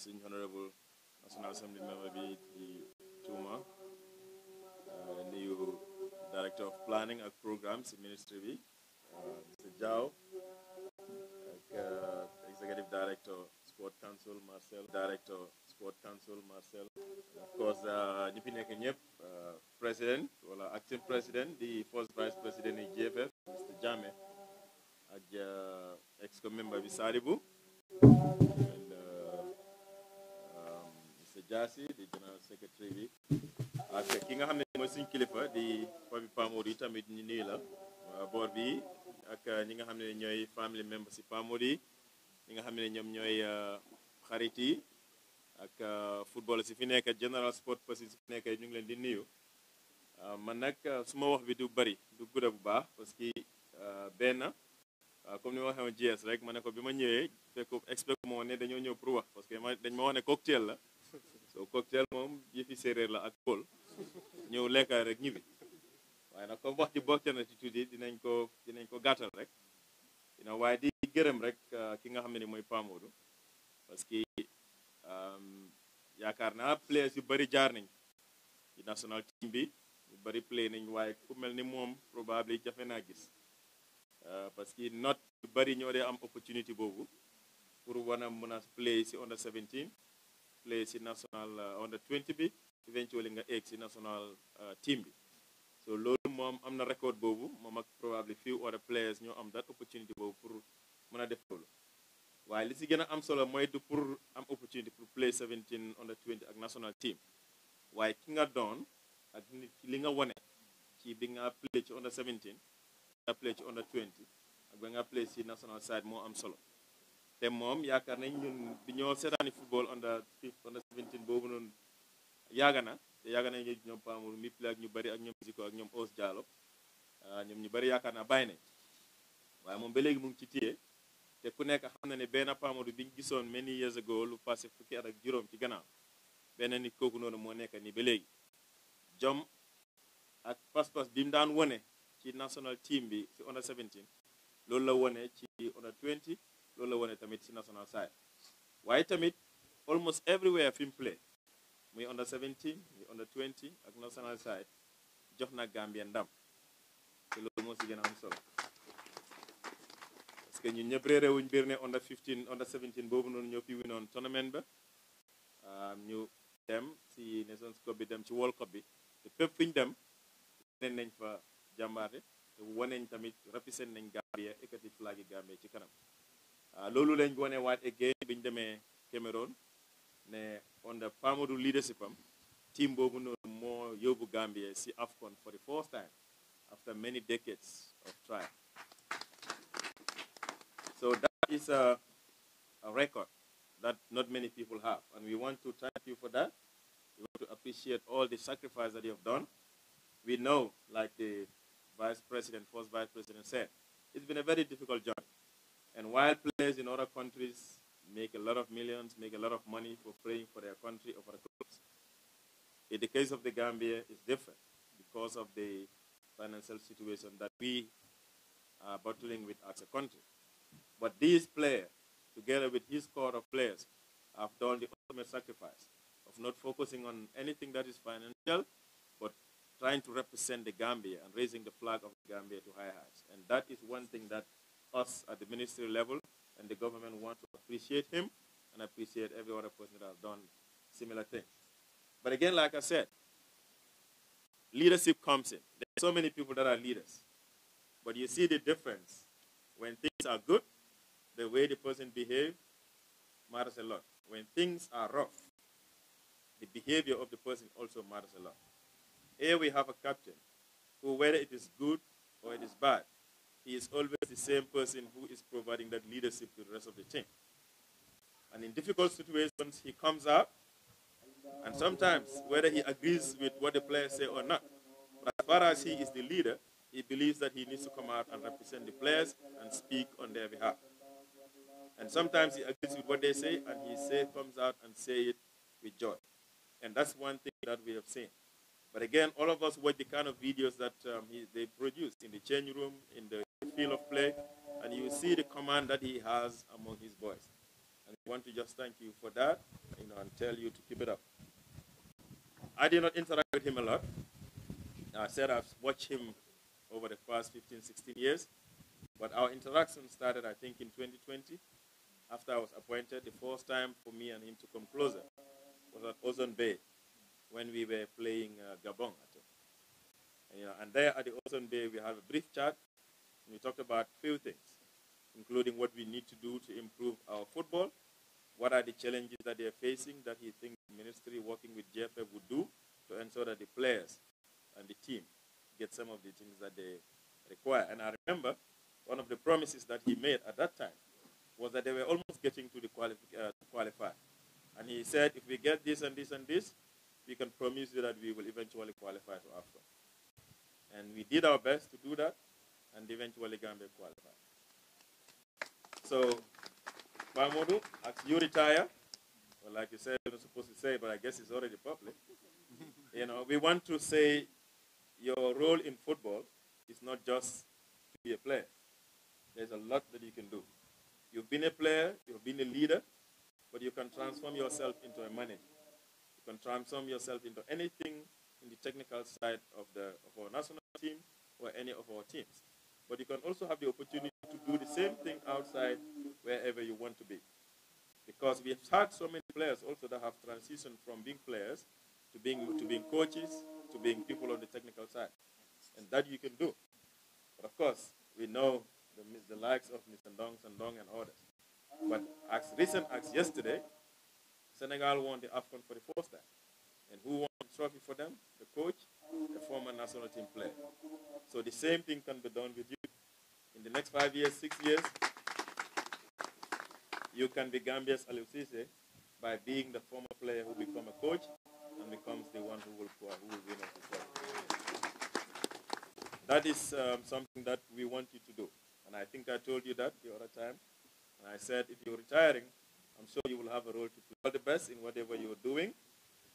seeing Honorable National Assembly Member bi di Touma uh, nuyu Director of Planning ak Programme si ministry bi Mr Diaw ak Executive Director Sport Council Marcel Director Sport Council Marcel of course ñi fi nekk ñëpp President wala acting President the first Vice President yi JFF, Mr Jammeh ak uh, ex-co member bi Sadibou jasi di general secretary bi ah, ak ki nga xam moy mooy kilifa di fabi pamori tamit ñu nuyu la bor bi ak ah, ñi nga xam ñoy family members ci pamori ñi nga xam ñom ñoy ah, xariti ak football si fi nek general sport pass ci fi nekk ñu ngi leen di nuyu man nak suma wax bi du bari du gudda bu baax parce que ben comme ni waxe waxee GS rek mané ko bima ñëwé fekk expect mo né dañu ñëw pour wax parce que dañ ma wone cocktail la soo cocktail moom yëfi séeréer la ak kool ñëw lekka rek ñibbi waaye nag comme wax ji bokk na ci tuuti dinañ ko dinañ ko gàttal rek dina waaye di gërëm rek uh, ki nga xam ne ni mooy Pamodu parce que um, yaakaar naa players yu bari jaar nañ ci national team bi yu bëri play nañ waaye ku mel ni moom probable jafe naa gis uh, parce que not yu bëri ñoo dee am opportunité boobu pour wana mën a play si under 17 play si national uh, under 20 bi eventually nga egg si national uh, team bi so loolu moom am na record bobu. moom ak probably few other players ñoo am that opportunity boobu pour mën a def loolu waaye li si gën am solo mooy du pour am opportunity pour play 17 under 20 ak national team waaye ki nga doon ak nit li nga wone ci bi nga play ci under 17 nga play ci under 20 ak ba nga play si national side mo am solo te moom yaakaar nañ ñun bi ñoo seetaani football under under 17 boobu noonu yaaga na te yaaga nañ ñoom Pamour mi ak ñu bari ak ñoom Ziko ak ñoom Os Diallo ah, ñoom ñu bari yaakaar naa bàyyi nañ waaye moom ba léegi mu ngi ci téye te ku nekka xam na ne benn Pamour bi ñu gisoon many years ago lu passé fukki at ak juróom ci gannaaw benn nit kooku noonu moo nekk nii ba léegi jom ak pas-pas bi mu daan wone ci national team bi ci under loolu la wone ci under 20 loolu la tamit si national side waaye tamit almost everywhere fi mu play muy under 17 muy under 20 ak national side jox na Gambia ndam te loolu moo si gën a am solo parce que ñun ñëpp biir ne under 15 under 17 boobu noonu ñoo fi winoon tournament ba ah, ñu dem si Nations Cup bi dem ci World Cup bi te fépp fi ñu dem nen nañ fa jàmbaate te waneñ tamit represent nañ Gambia flag yi Gambia ci kanam uh, loolu lañ wone waat again biñ demee Cameroon ne under Pamodu leadership am um, team boobu no moo Yobo Gambia si AFCON for the first time after many decades of try so that is a, a record that not many people have and we want to thank you for that we want to appreciate all the sacrifice that you have done we know like the vice president first vice president said it's been a very difficult journey and while players in other countries make a lot of millions, make a lot of money for playing for their country or for the clubs, in the case of the Gambia, it's different because of the financial situation that we are battling with as a country. But these players, together with his core of players, have done the ultimate sacrifice of not focusing on anything that is financial, but trying to represent the Gambia and raising the flag of the Gambia to high heights. And that is one thing that us at the ministry level and the government want to appreciate him and appreciate every other person that has done similar things. But again, like I said, leadership comes in. There are so many people that are leaders. But you see the difference. When things are good, the way the person behaves matters a lot. When things are rough, the behavior of the person also matters a lot. Here we have a captain who, whether it is good or it is bad, he is always the same person who is providing that leadership to the rest of the team. And in difficult situations, he comes up, and sometimes, whether he agrees with what the players say or not, but as far as he is the leader, he believes that he needs to come out and represent the players and speak on their behalf. And sometimes he agrees with what they say, and he say, comes out and say it with joy. And that's one thing that we have seen. But again, all of us watch the kind of videos that um, he, they produce in the change room, in the the field of play, and you see the command that he has among his boys. And we want to just thank you for that, you know, and tell you to keep it up. I did not interact with him a lot. I said I've watched him over the past 15, 16 years, but our interaction started, I think, in 2020, after I was appointed. The first time for me and him to come closer was at Ozone Bay when we were playing uh, Gabon. And, you know, and there at the Ocean Bay, we had a brief chat, we talked about a few things, including what we need to do to improve our football, what are the challenges that they're facing that he thinks the ministry working with JFF would do to ensure that the players and the team get some of the things that they require. And I remember one of the promises that he made at that time was that they were almost getting to the uh, qualify. And he said, if we get this and this and this, we can promise you that we will eventually qualify to AFCON. And we did our best to do that and eventually Gambia qualified. So, Balmodu, as you retire, well, like you said, you're not supposed to say, but I guess it's already public. you know, we want to say your role in football is not just to be a player. There's a lot that you can do. You've been a player, you've been a leader, but you can transform yourself into a manager. You can transform yourself into anything in the technical side of, the, of our national team or any of our teams but you can also have the opportunity to do the same thing outside wherever you want to be. Because we've had so many players also that have transitioned from being players to being, to being coaches, to being people on the technical side. And that you can do. But of course, we know the, the likes of Mr. Ndong, Sandong, and others. But as recent as yesterday, Senegal won the AFCON for the first time. And who won trophy for them, the coach, the former national team player. So the same thing can be done with you. In the next five years, six years, you can be Gambia's Aliou by being the former player who become a coach and becomes the one who will, who will win the trophy. That is um, something that we want you to do. And I think I told you that the other time. And I said, if you're retiring, I'm sure you will have a role to play. All the best in whatever you're doing.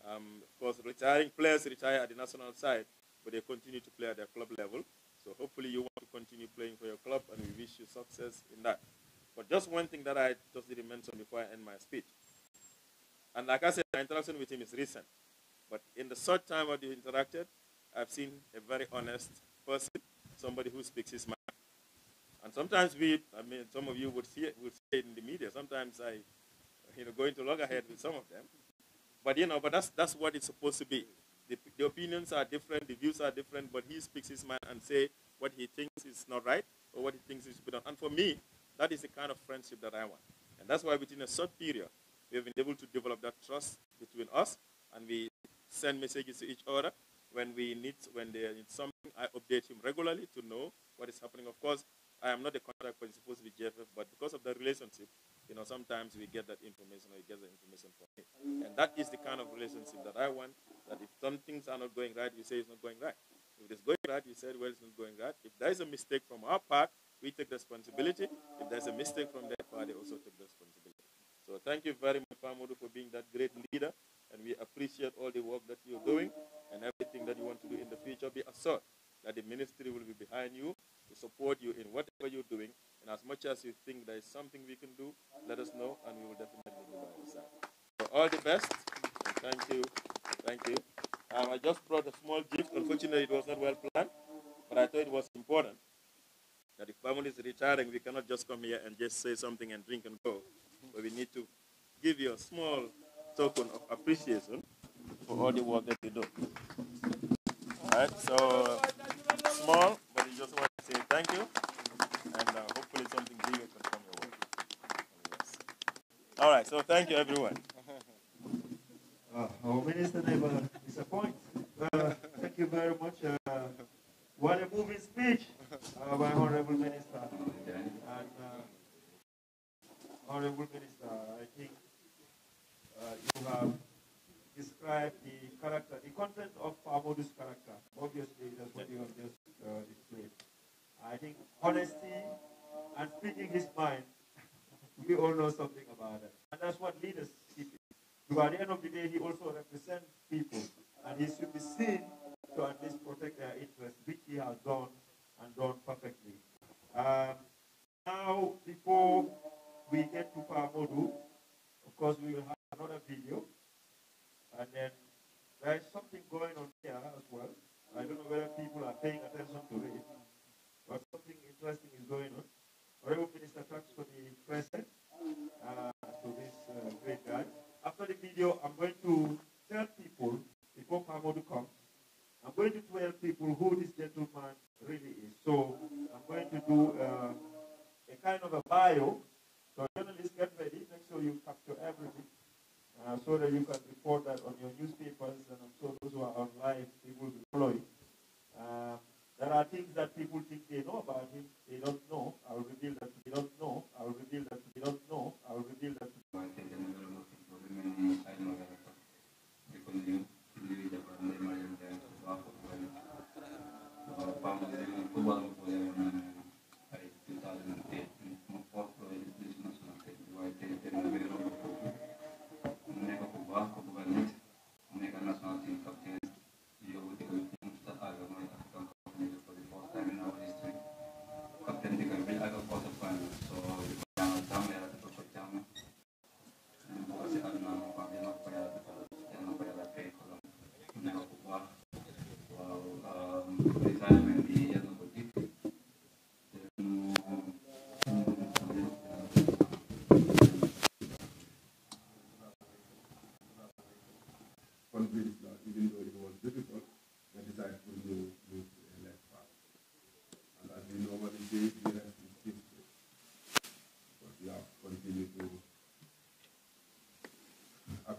Um, of course, retiring players retire at the national side, but they continue to play at their club level. So hopefully you want to continue playing for your club, and we wish you success in that. But just one thing that I just didn't mention before I end my speech. And like I said, my interaction with him is recent. But in the short time that we interacted, I've seen a very honest person, somebody who speaks his mind. And sometimes we, I mean, some of you would see it, would see it in the media. Sometimes I, you know, go into loggerhead with some of them. But you know, but that's that's what it's supposed to be. The, the opinions are different, the views are different, but he speaks his mind and say what he thinks is not right or what he thinks is good. And for me, that is the kind of friendship that I want. And that's why within a short period, we have been able to develop that trust between us and we send messages to each other. When we need, when they need something, I update him regularly to know what is happening. Of course, I am not the contact person, supposed to be JFF, but because of the relationship, you know, sometimes we get that information or we get the information from me, And that is the kind of relationship that I want, that if some things are not going right, you say it's not going right. If it's going right, you say, well, it's not going right. If there is a mistake from our part, we take responsibility. If there's a mistake from their part, they also take responsibility. So thank you very much, Pamudu, for being that great leader. And we appreciate all the work that you're doing and everything that you want to do in the future. Be assured that the ministry will be behind you to support you in whatever you're doing. And as much as you think there is something we can do, let us know, and we will definitely do by side. So all the best. Thank you. Thank you. Um, I just brought a small gift. Unfortunately, it was not well planned, but I thought it was important that the family is retiring. We cannot just come here and just say something and drink and go. But we need to give you a small token of appreciation for all the work that you do. All right, so small, but you just want to say thank you. And uh, hopefully something bigger can come your way. Yes. All right, so thank you, everyone.
Uh, our minister never disappoints. Uh, thank you very much. Uh, what a moving speech uh, by Honorable Minister. And, uh, Honorable Minister, I think you have described the character, the content of Amadou's character. Obviously, that's what you have just uh, is great. I think honesty and speaking his mind, we all know something about it And that's what leadership is. Because at the end of the day, he also represents people. And he should be seen to at least protect their interests, which he has done and done perfectly. Um, now, before we get to Paramodu, of course, we will have another video. And then there is something going on here as well. I don't know whether people are paying attention to it, but something interesting is going on. Honorable Minister, thanks for the present uh, to this uh, great guy. After the video, I'm going to tell people, before Pamodu comes, I'm going to tell people who this gentleman really is. So I'm going to do uh, a kind of a bio. So journalists, get ready. Make sure you capture everything uh, so that you can report that on your newspapers and I'm sure those who are online, people will follow you. Um, there are things that people think they know about him. They don't know. I'll reveal that they don't know. I'll reveal that they don't know. I'll reveal that.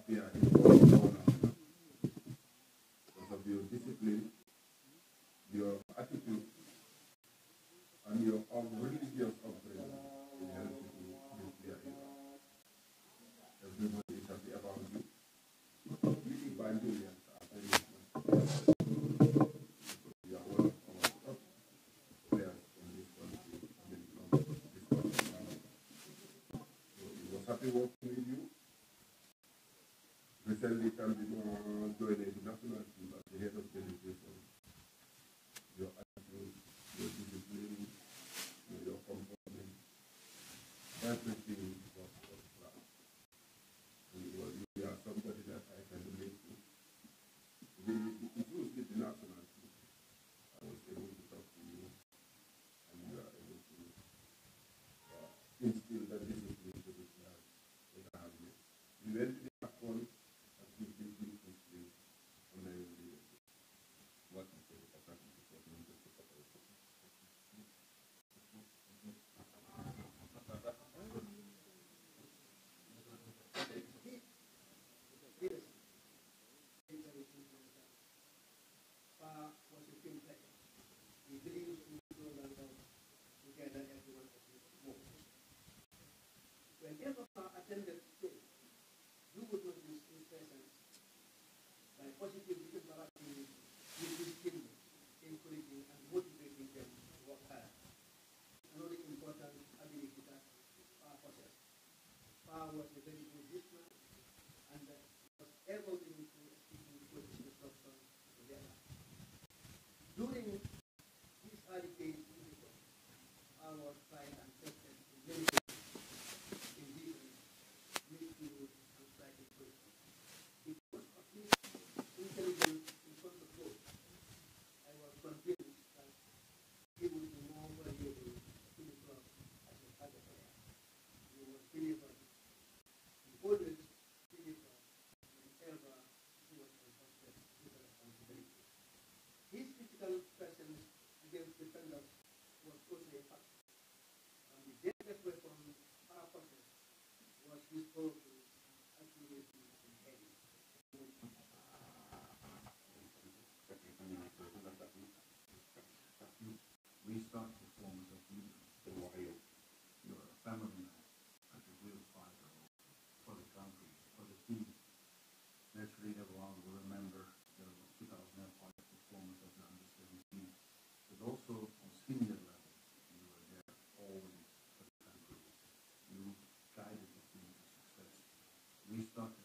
pia because of your discipline, your attitude, and your religious upbringing you to Everybody is happy about you.
Happy work.
critical questions against defenders was also a fact. And the deadliest weapon, paraphrasing, was used Gracias.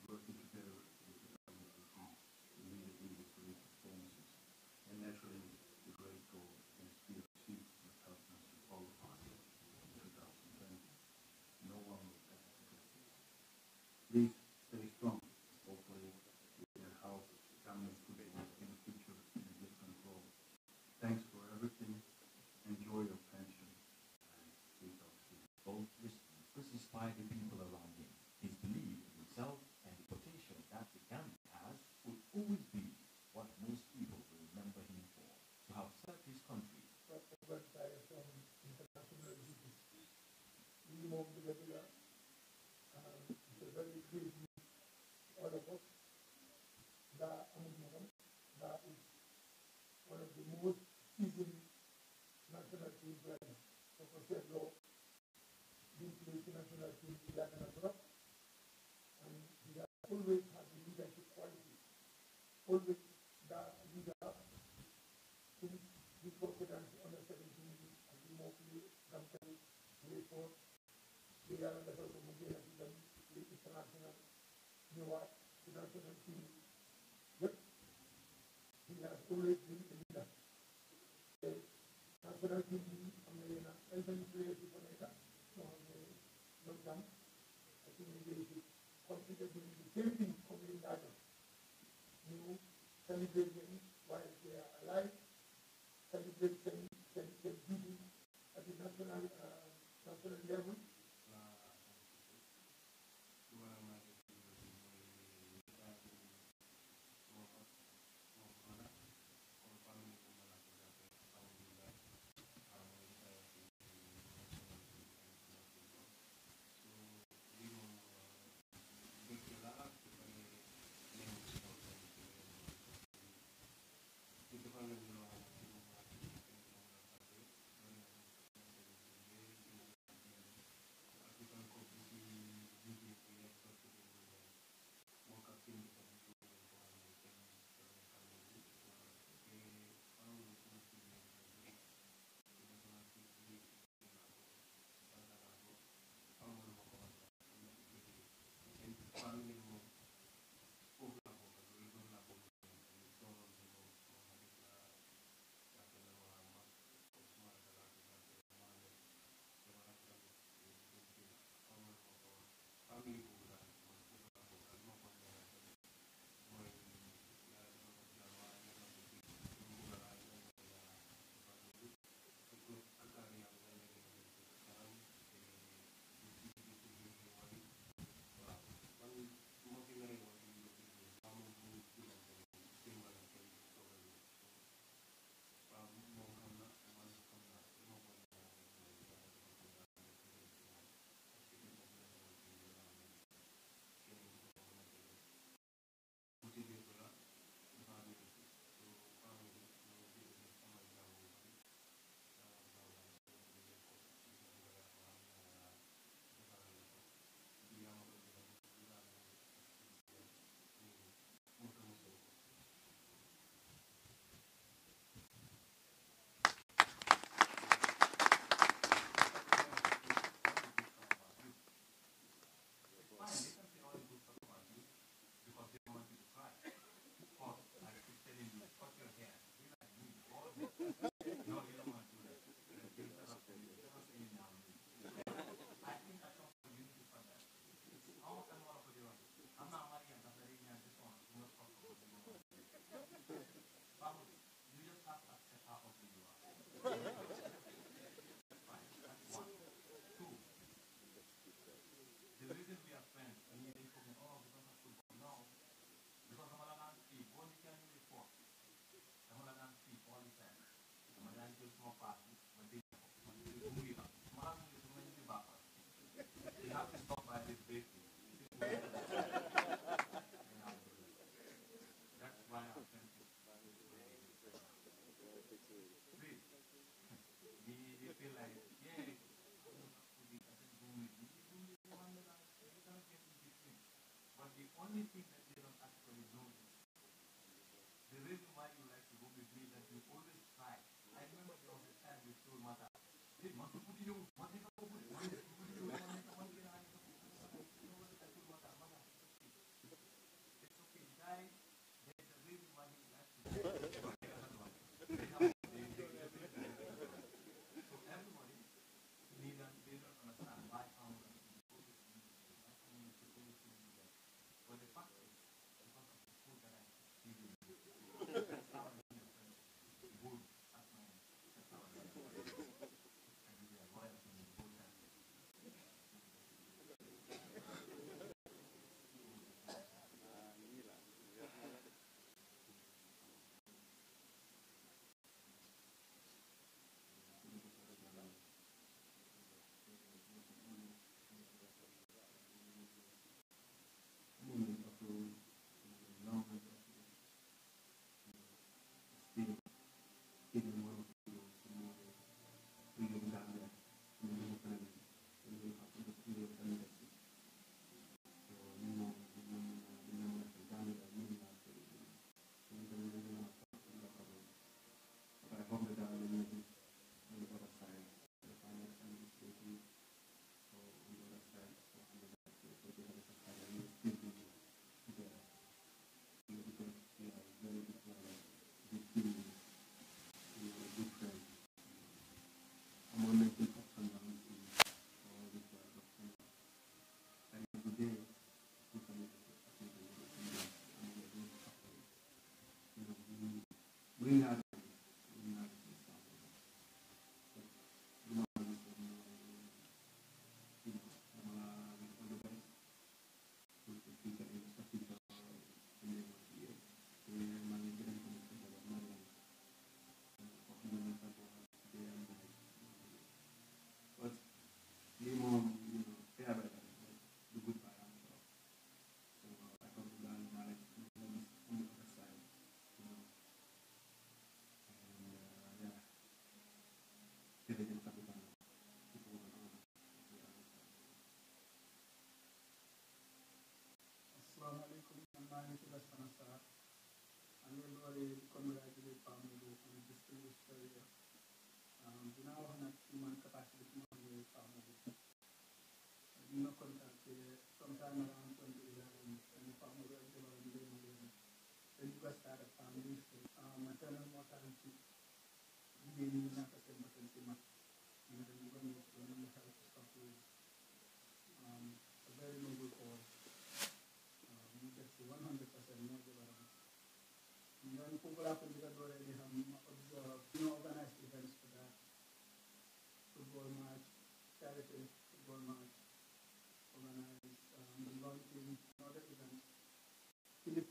moving on.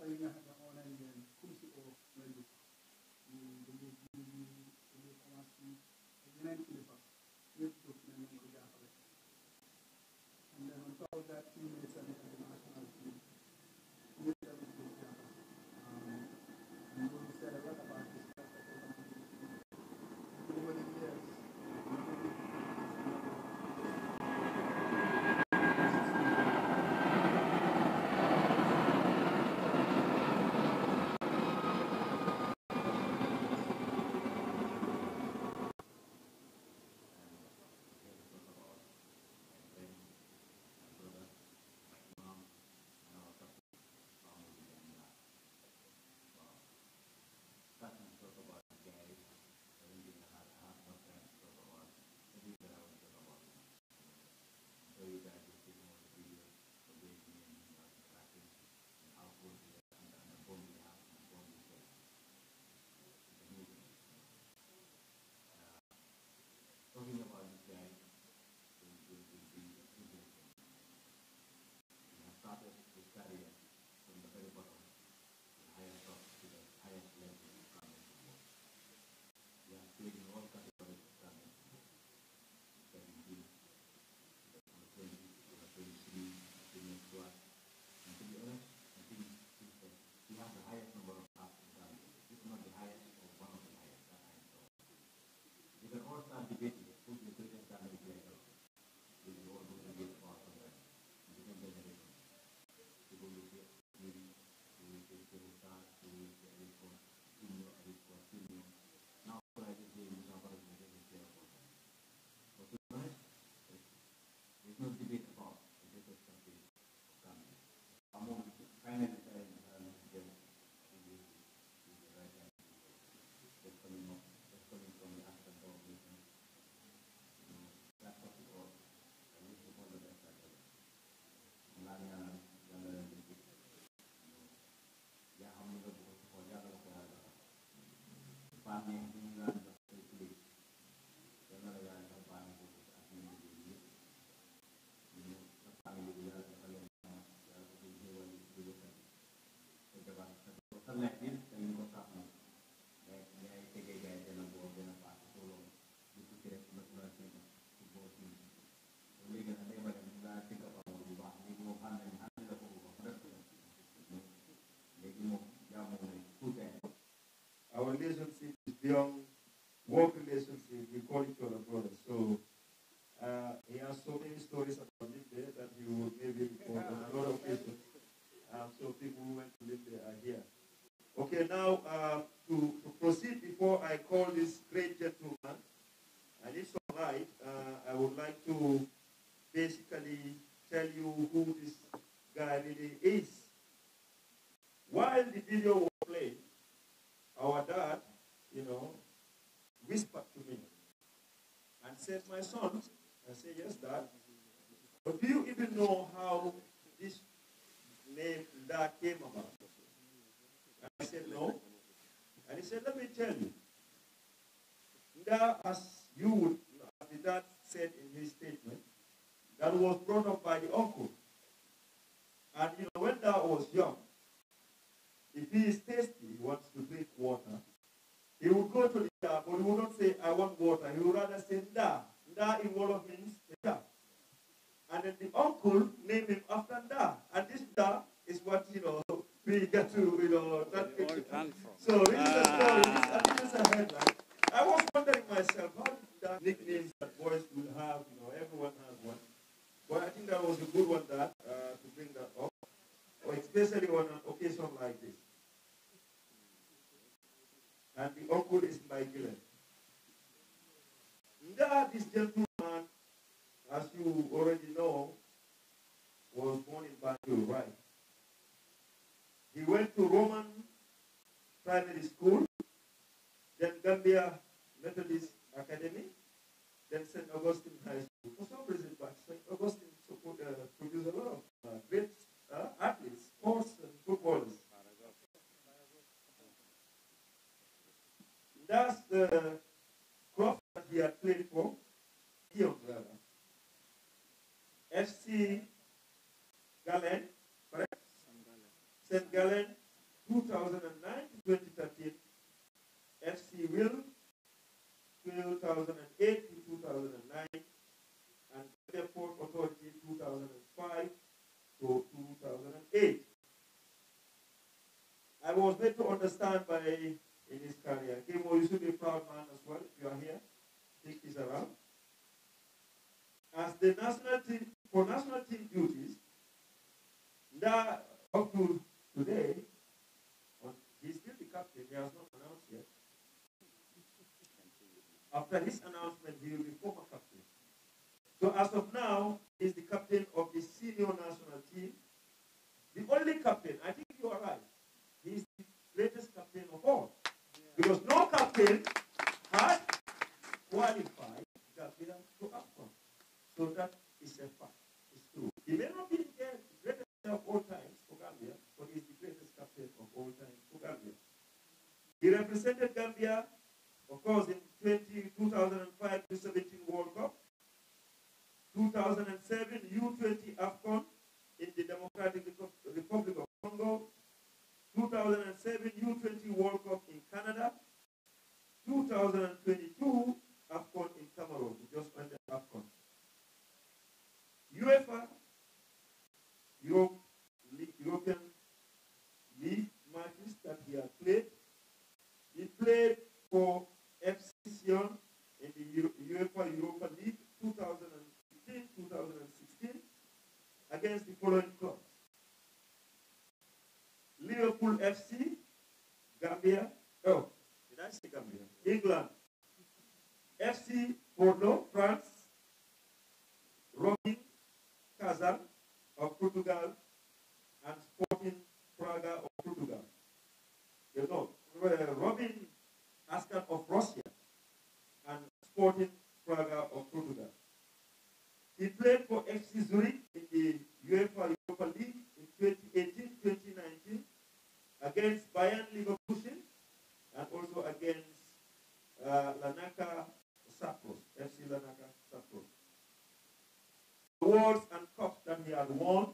hay una
After this announcement, he will be former captain. So as of now, he's the captain of the senior national team. The only captain, I think you are right, he's the greatest captain of all. Yeah. Because no captain has qualified Gambia to AFCON. So that is a fact. It's true. He may not be the greatest of all times for Gambia, but he's the greatest captain of all time for Gambia. He represented Gambia of course, in 20, 2005 U17 World Cup, 2007 U20 AFCON in the Democratic Republic of Congo, 2007 U20 World Cup in Canada, 2022 AFCON in Cameroon, we just went to AFCON. UEFA, European League matches that he has played, he played for FC Sion in the UEFA Europa League 2015-2016 against the following clubs. Liverpool FC, Gambia, oh, did I say Gambia? England. FC Bordeaux, France, Robin, Kazan of Portugal, and Sporting Praga of Portugal. You know, uh, Robin Askan of Russia and Sporting Praga of Portugal. He played for FC Zurich in the UEFA Europa League in 2018-2019 against Bayern Leverkusen and also against uh, Lanaka Sapros, FC Lanaka Sapros. Awards and cups that he had won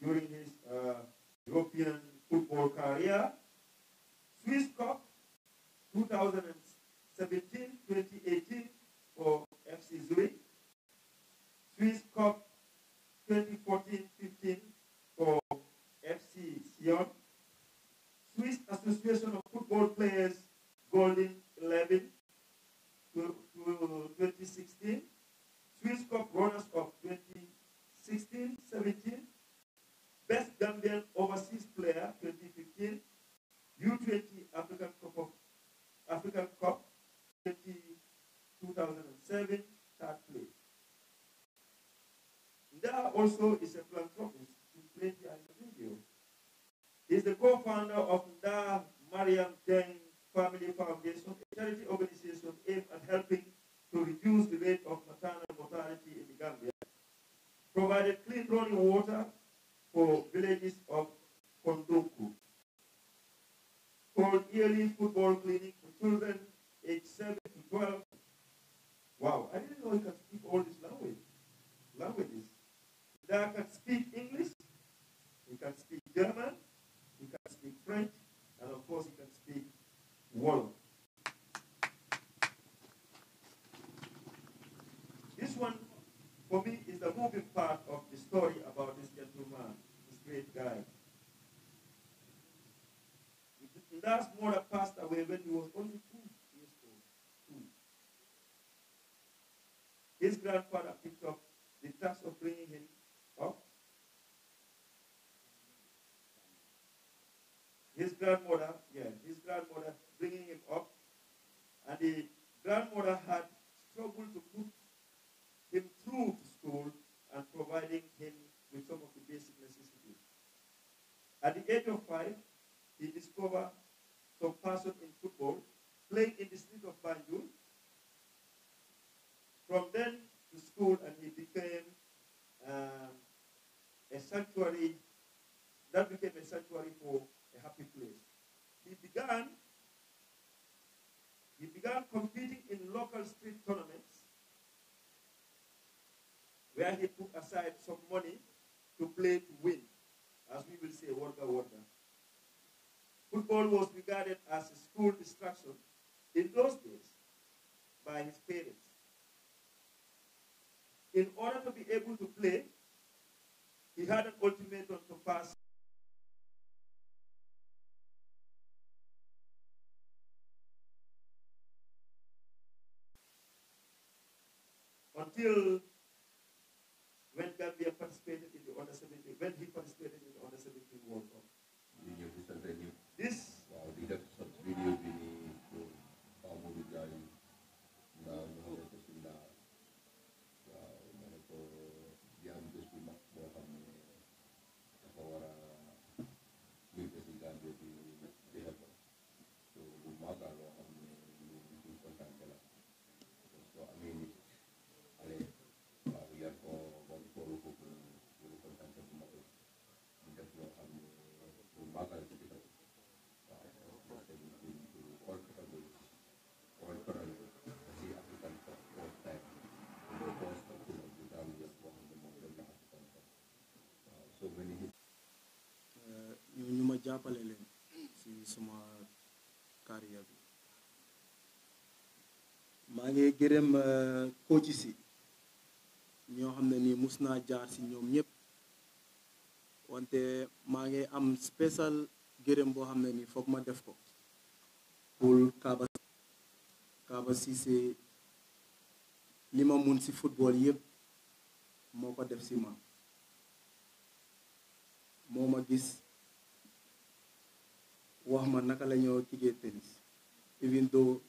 during his uh, European football career. Swiss Cup 2017, 2018 for FC Zurich, Swiss Cup 2014-15 for FC Sion, Swiss Association of Football Players Golden 11 to, to 2016, Swiss Cup Runners of 2016-17, Best Gambian Overseas Player 2015, U20 African Cup of African Cup 2007 third place. Nda also is a philanthropist who played the video. He's the co-founder of Nda Mariam Deng Family Foundation, a charity organization aimed at helping to reduce the rate of maternal mortality in the Gambia, provided clean running water for villages of Kondoku, called yearly football clinic children aged 7 to 12. Wow, I didn't know he could speak all these language, languages. That can speak English, he can speak German, he can speak French, and of course he can speak one. This one, for me, is the moving part of the story about this gentleman, this great guy last mother passed away when he was only two years old. Two. His grandfather picked up the task of bringing him up. His grandmother, yeah, his grandmother bringing him up. And the grandmother had
gyapalelen si suma carrière bi maa ngi gërëm coach si ñoo xam ne nii mus naa jaar si ñoom ñëpp wante maa ngi am spécial gërëm boo xam ne nii foog ma def ko pour Kaba Kaba Cissé li ma mun si football yëpp moo ko def si ma moo ma gis naka la ñoo kickee tennis even though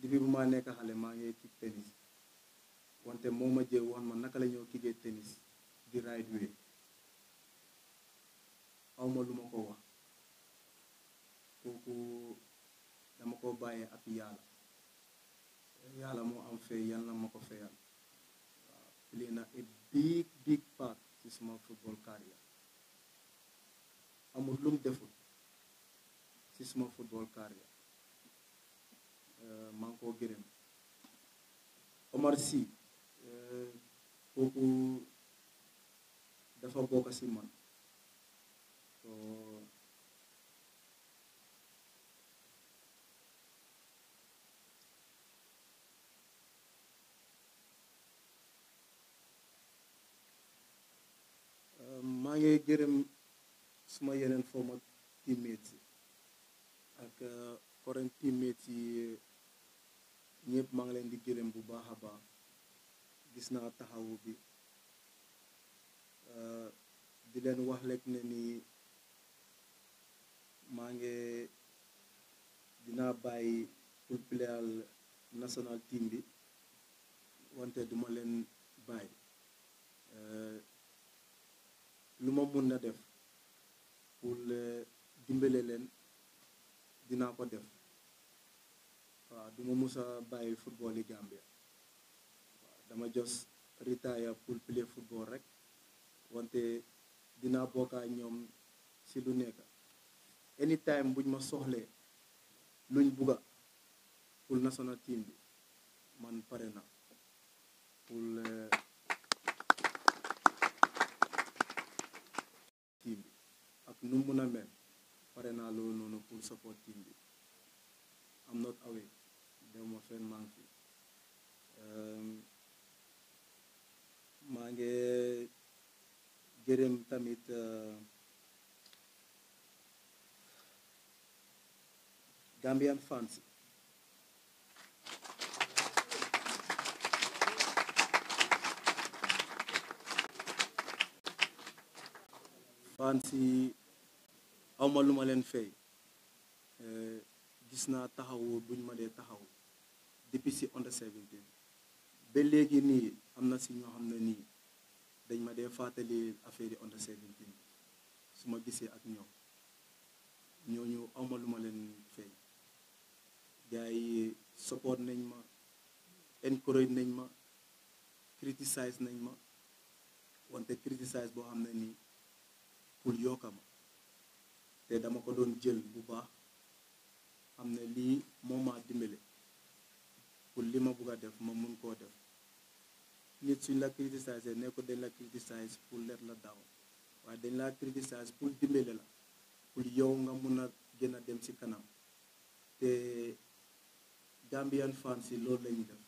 depuis bu ma nekk xale maa ngi kick tennis wante moo ma jël woon ma naka la ñoo kickee tennis di right way xaw ma lu ma ko wax kooku dama ko bàyyee ak yàlla yàlla moo am fee yàlla ma ko feyal waaw a big big part ci suma football career amul lu deful si suma football career euh, maa ngi koo gërëm Omar Sy euh, koku dafa bokk si man so euh, ma ngay gërëm suma yeneen former teammates ak foreign euh, teammates yi ñëpp maa ngi leen di gërëm bu baax a baax gis naa taxawu bi euh, di leen wax lekk ne ni maa ngi dinaa bàyyi pour playal national team bi wante duma leen bàyyi euh, lu ma mun na def pour dimbale leen dinaa ko def waaw du ma mus bàyyi football yi Gambia waaw dama jos retire pour play football rek wante dinaa bokkaa ñoom si lu nekk anytime buñ ma soxlee luñ bugga pour national team bi man pare na pour eh, ak nu mun a mel parrainage loolu noonu pour support team bi am not away dem ma fenn maa ngi fi ehm, maa ngi gërëm tamit eh, Gambian fans fans yi awma lu ma leen fay euh, gis naa taxawu buñ ma dee taxaw depuis si under 17 ba léegi nii am na si ñoo xam na nii dañ ma dee fàttali affaire yi under bi su ma gisee ak ñoom ñooñu awma lu ma leen fay gars yi support nañ ma encourage nañ ma criticize nañ ma wante criticize boo xam ne nii pour yokka ma te dama ko doon jël bu baax xam ne lii moo ma dimbali pour li ma bugg a def ma mun koo def nit suñ la criticiser ne ko dañ la criticiser pour leer la daaw waaye dañ la criticiser pour dimbale la pour yow nga mun a gën a dem ci kanam te Gambian fans yi loolu lañ def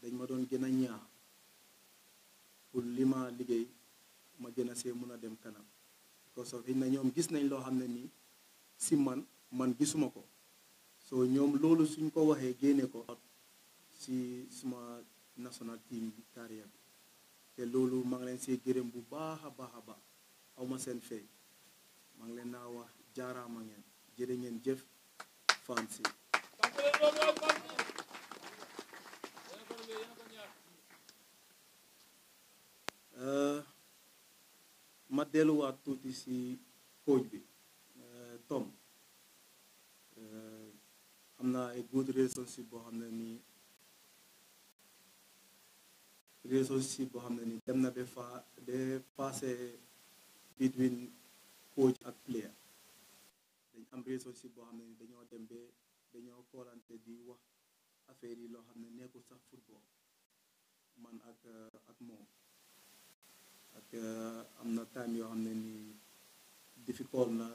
dañ ma doon gën a ñaax pour li ma liggéey ma gën a see mun a dem kanam parce que xëy na ñoom gis nañ loo xam ne nii si man man gisuma ko so ñoom loolu suñ ko waxee génne ko si suma national team bi te loolu maa ngi leen see gërëm bu baax a baax a baax aw ma seen fay maa ngi leen naa wax jaaraama ngeen jërë ngeen jëf fansi euh, ma delluwaat tuuti si coach bi toom euh, am na ay good relationship boo xam ne nii relationship boo xam ne ni dem na ba fa ba passé between coach ak player dañ am relationship boo xam ne nii dañoo dem ba dañoo koolante di wax affaire yi loo xam ne nekkul sax football man ak euh, ak moom ak euh, am na time yoo xam ne nii difficult na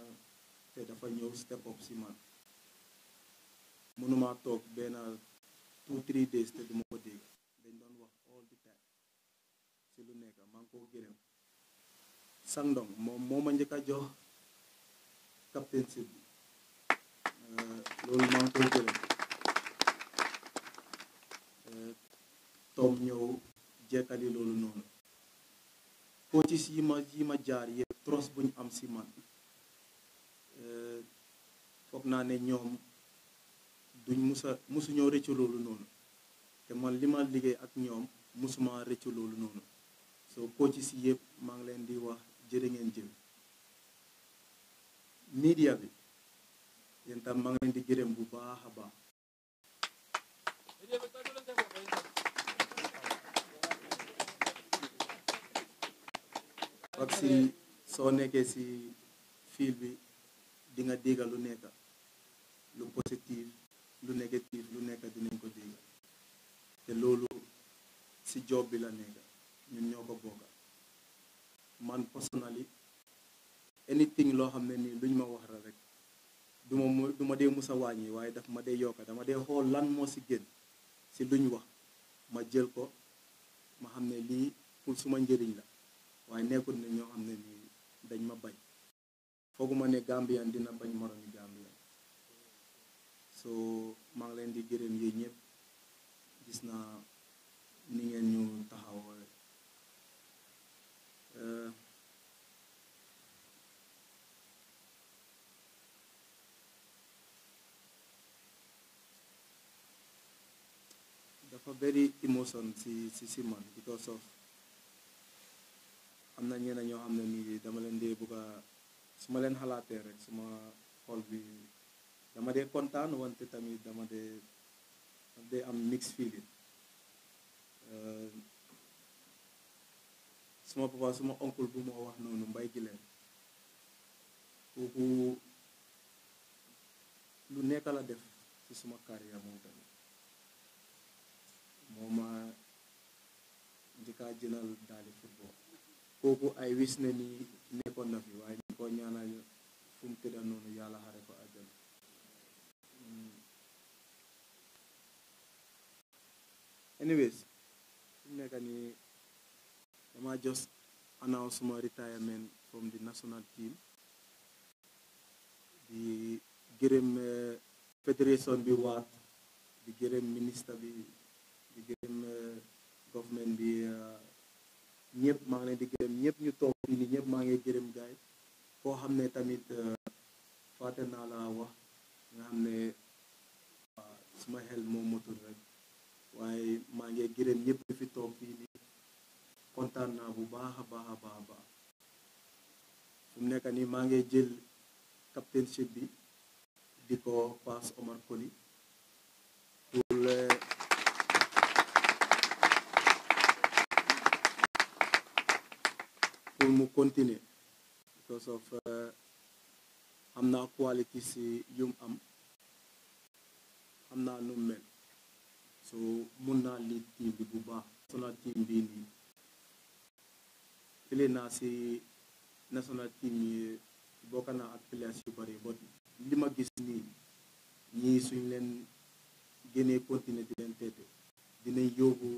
te dafa ñëw step up si man mënuma toog benn two three days te duma ko dégg dañ doon wax all the time si lu nekk maa ngi koo gërëm sangdong moom moo ma njëkk a jox captainship eh, bi loolu maa ngi eh, koy gërëm tom ñëw jekkali loolu noonu coaches yi ma yi ma jaar yëpp tros buñ am si man naa ne ñoom duñ musa musuñoo rëccu loolu noonu te man lima liggéey ak ñoom musuma rëccu loolu noonu soo koo ci si yëpp maa ngi leen di wax jërë ngeen jëf media bi yéen tam maa leen di gërëm bu baax a baax parce soo nekkee ci fil bi di nga dégg lu positif lu négatif lu nekk dinañ ko dégg te loolu si job bi la nekk ñun ñoo ko bokk man personally anything loo xam ne nii luñ ma wax rek duma mu du ma dee musa a wàññi waaye daf ma dee yokka dama dee xool lan moo ci génn si luñ wax ma jël ko ma xam ne lii pour suma njëriñ la waaye nekkul ne ñoo xam ne nii dañ ma bañ fooguma ne Gambien dina bañ moromi so maa ngi leen di gërëm yéen ñëpp gis naa ni ngeen ñu e. eh, dafa very emotion si si si man because of am na ñeneen ñoo xam ne nii dama leen dee bëgg a su ma leen xalaatee rek xol bi dama dee kontaan wante tamit dama dee am mix feeling euh, suma papa suma oncle bu ma wax noonu mbay gi kooku lu nekk la def ci suma carrière moom tamit moo ma njëkkaa jëlal daali football kooku ay wis na ni nekkoon na fi waaye ñu ko ñaanal fu noonu yàlla xare ko ak Anyways, I just announced my retirement from the national team. The Gerem uh, Federation be what? The Gerem Minister be, the Gerem uh, Government be. Uh, ñëpp maa ngi leen di gërëm ñëpp ñu toog fii nii ñëpp maa ngi tamit uh, waaye maa ngi gërëm ñëpp fi toog fii nii kontaan naa bu baax a baax a baax a baax mu nekk nii maa ngi jël captainship bi di ko paas Omar Koli pour mu continuer because of uh, am naa quality si yum am xam naa nu mel so mun n'ale ti deguba national ti bɛ yen kelen n'a se nasɔnna ti min ye bɔ ka na apelasi bari but lima gisini ni suinlɛn gene di tɛ tɛ dinañ yogo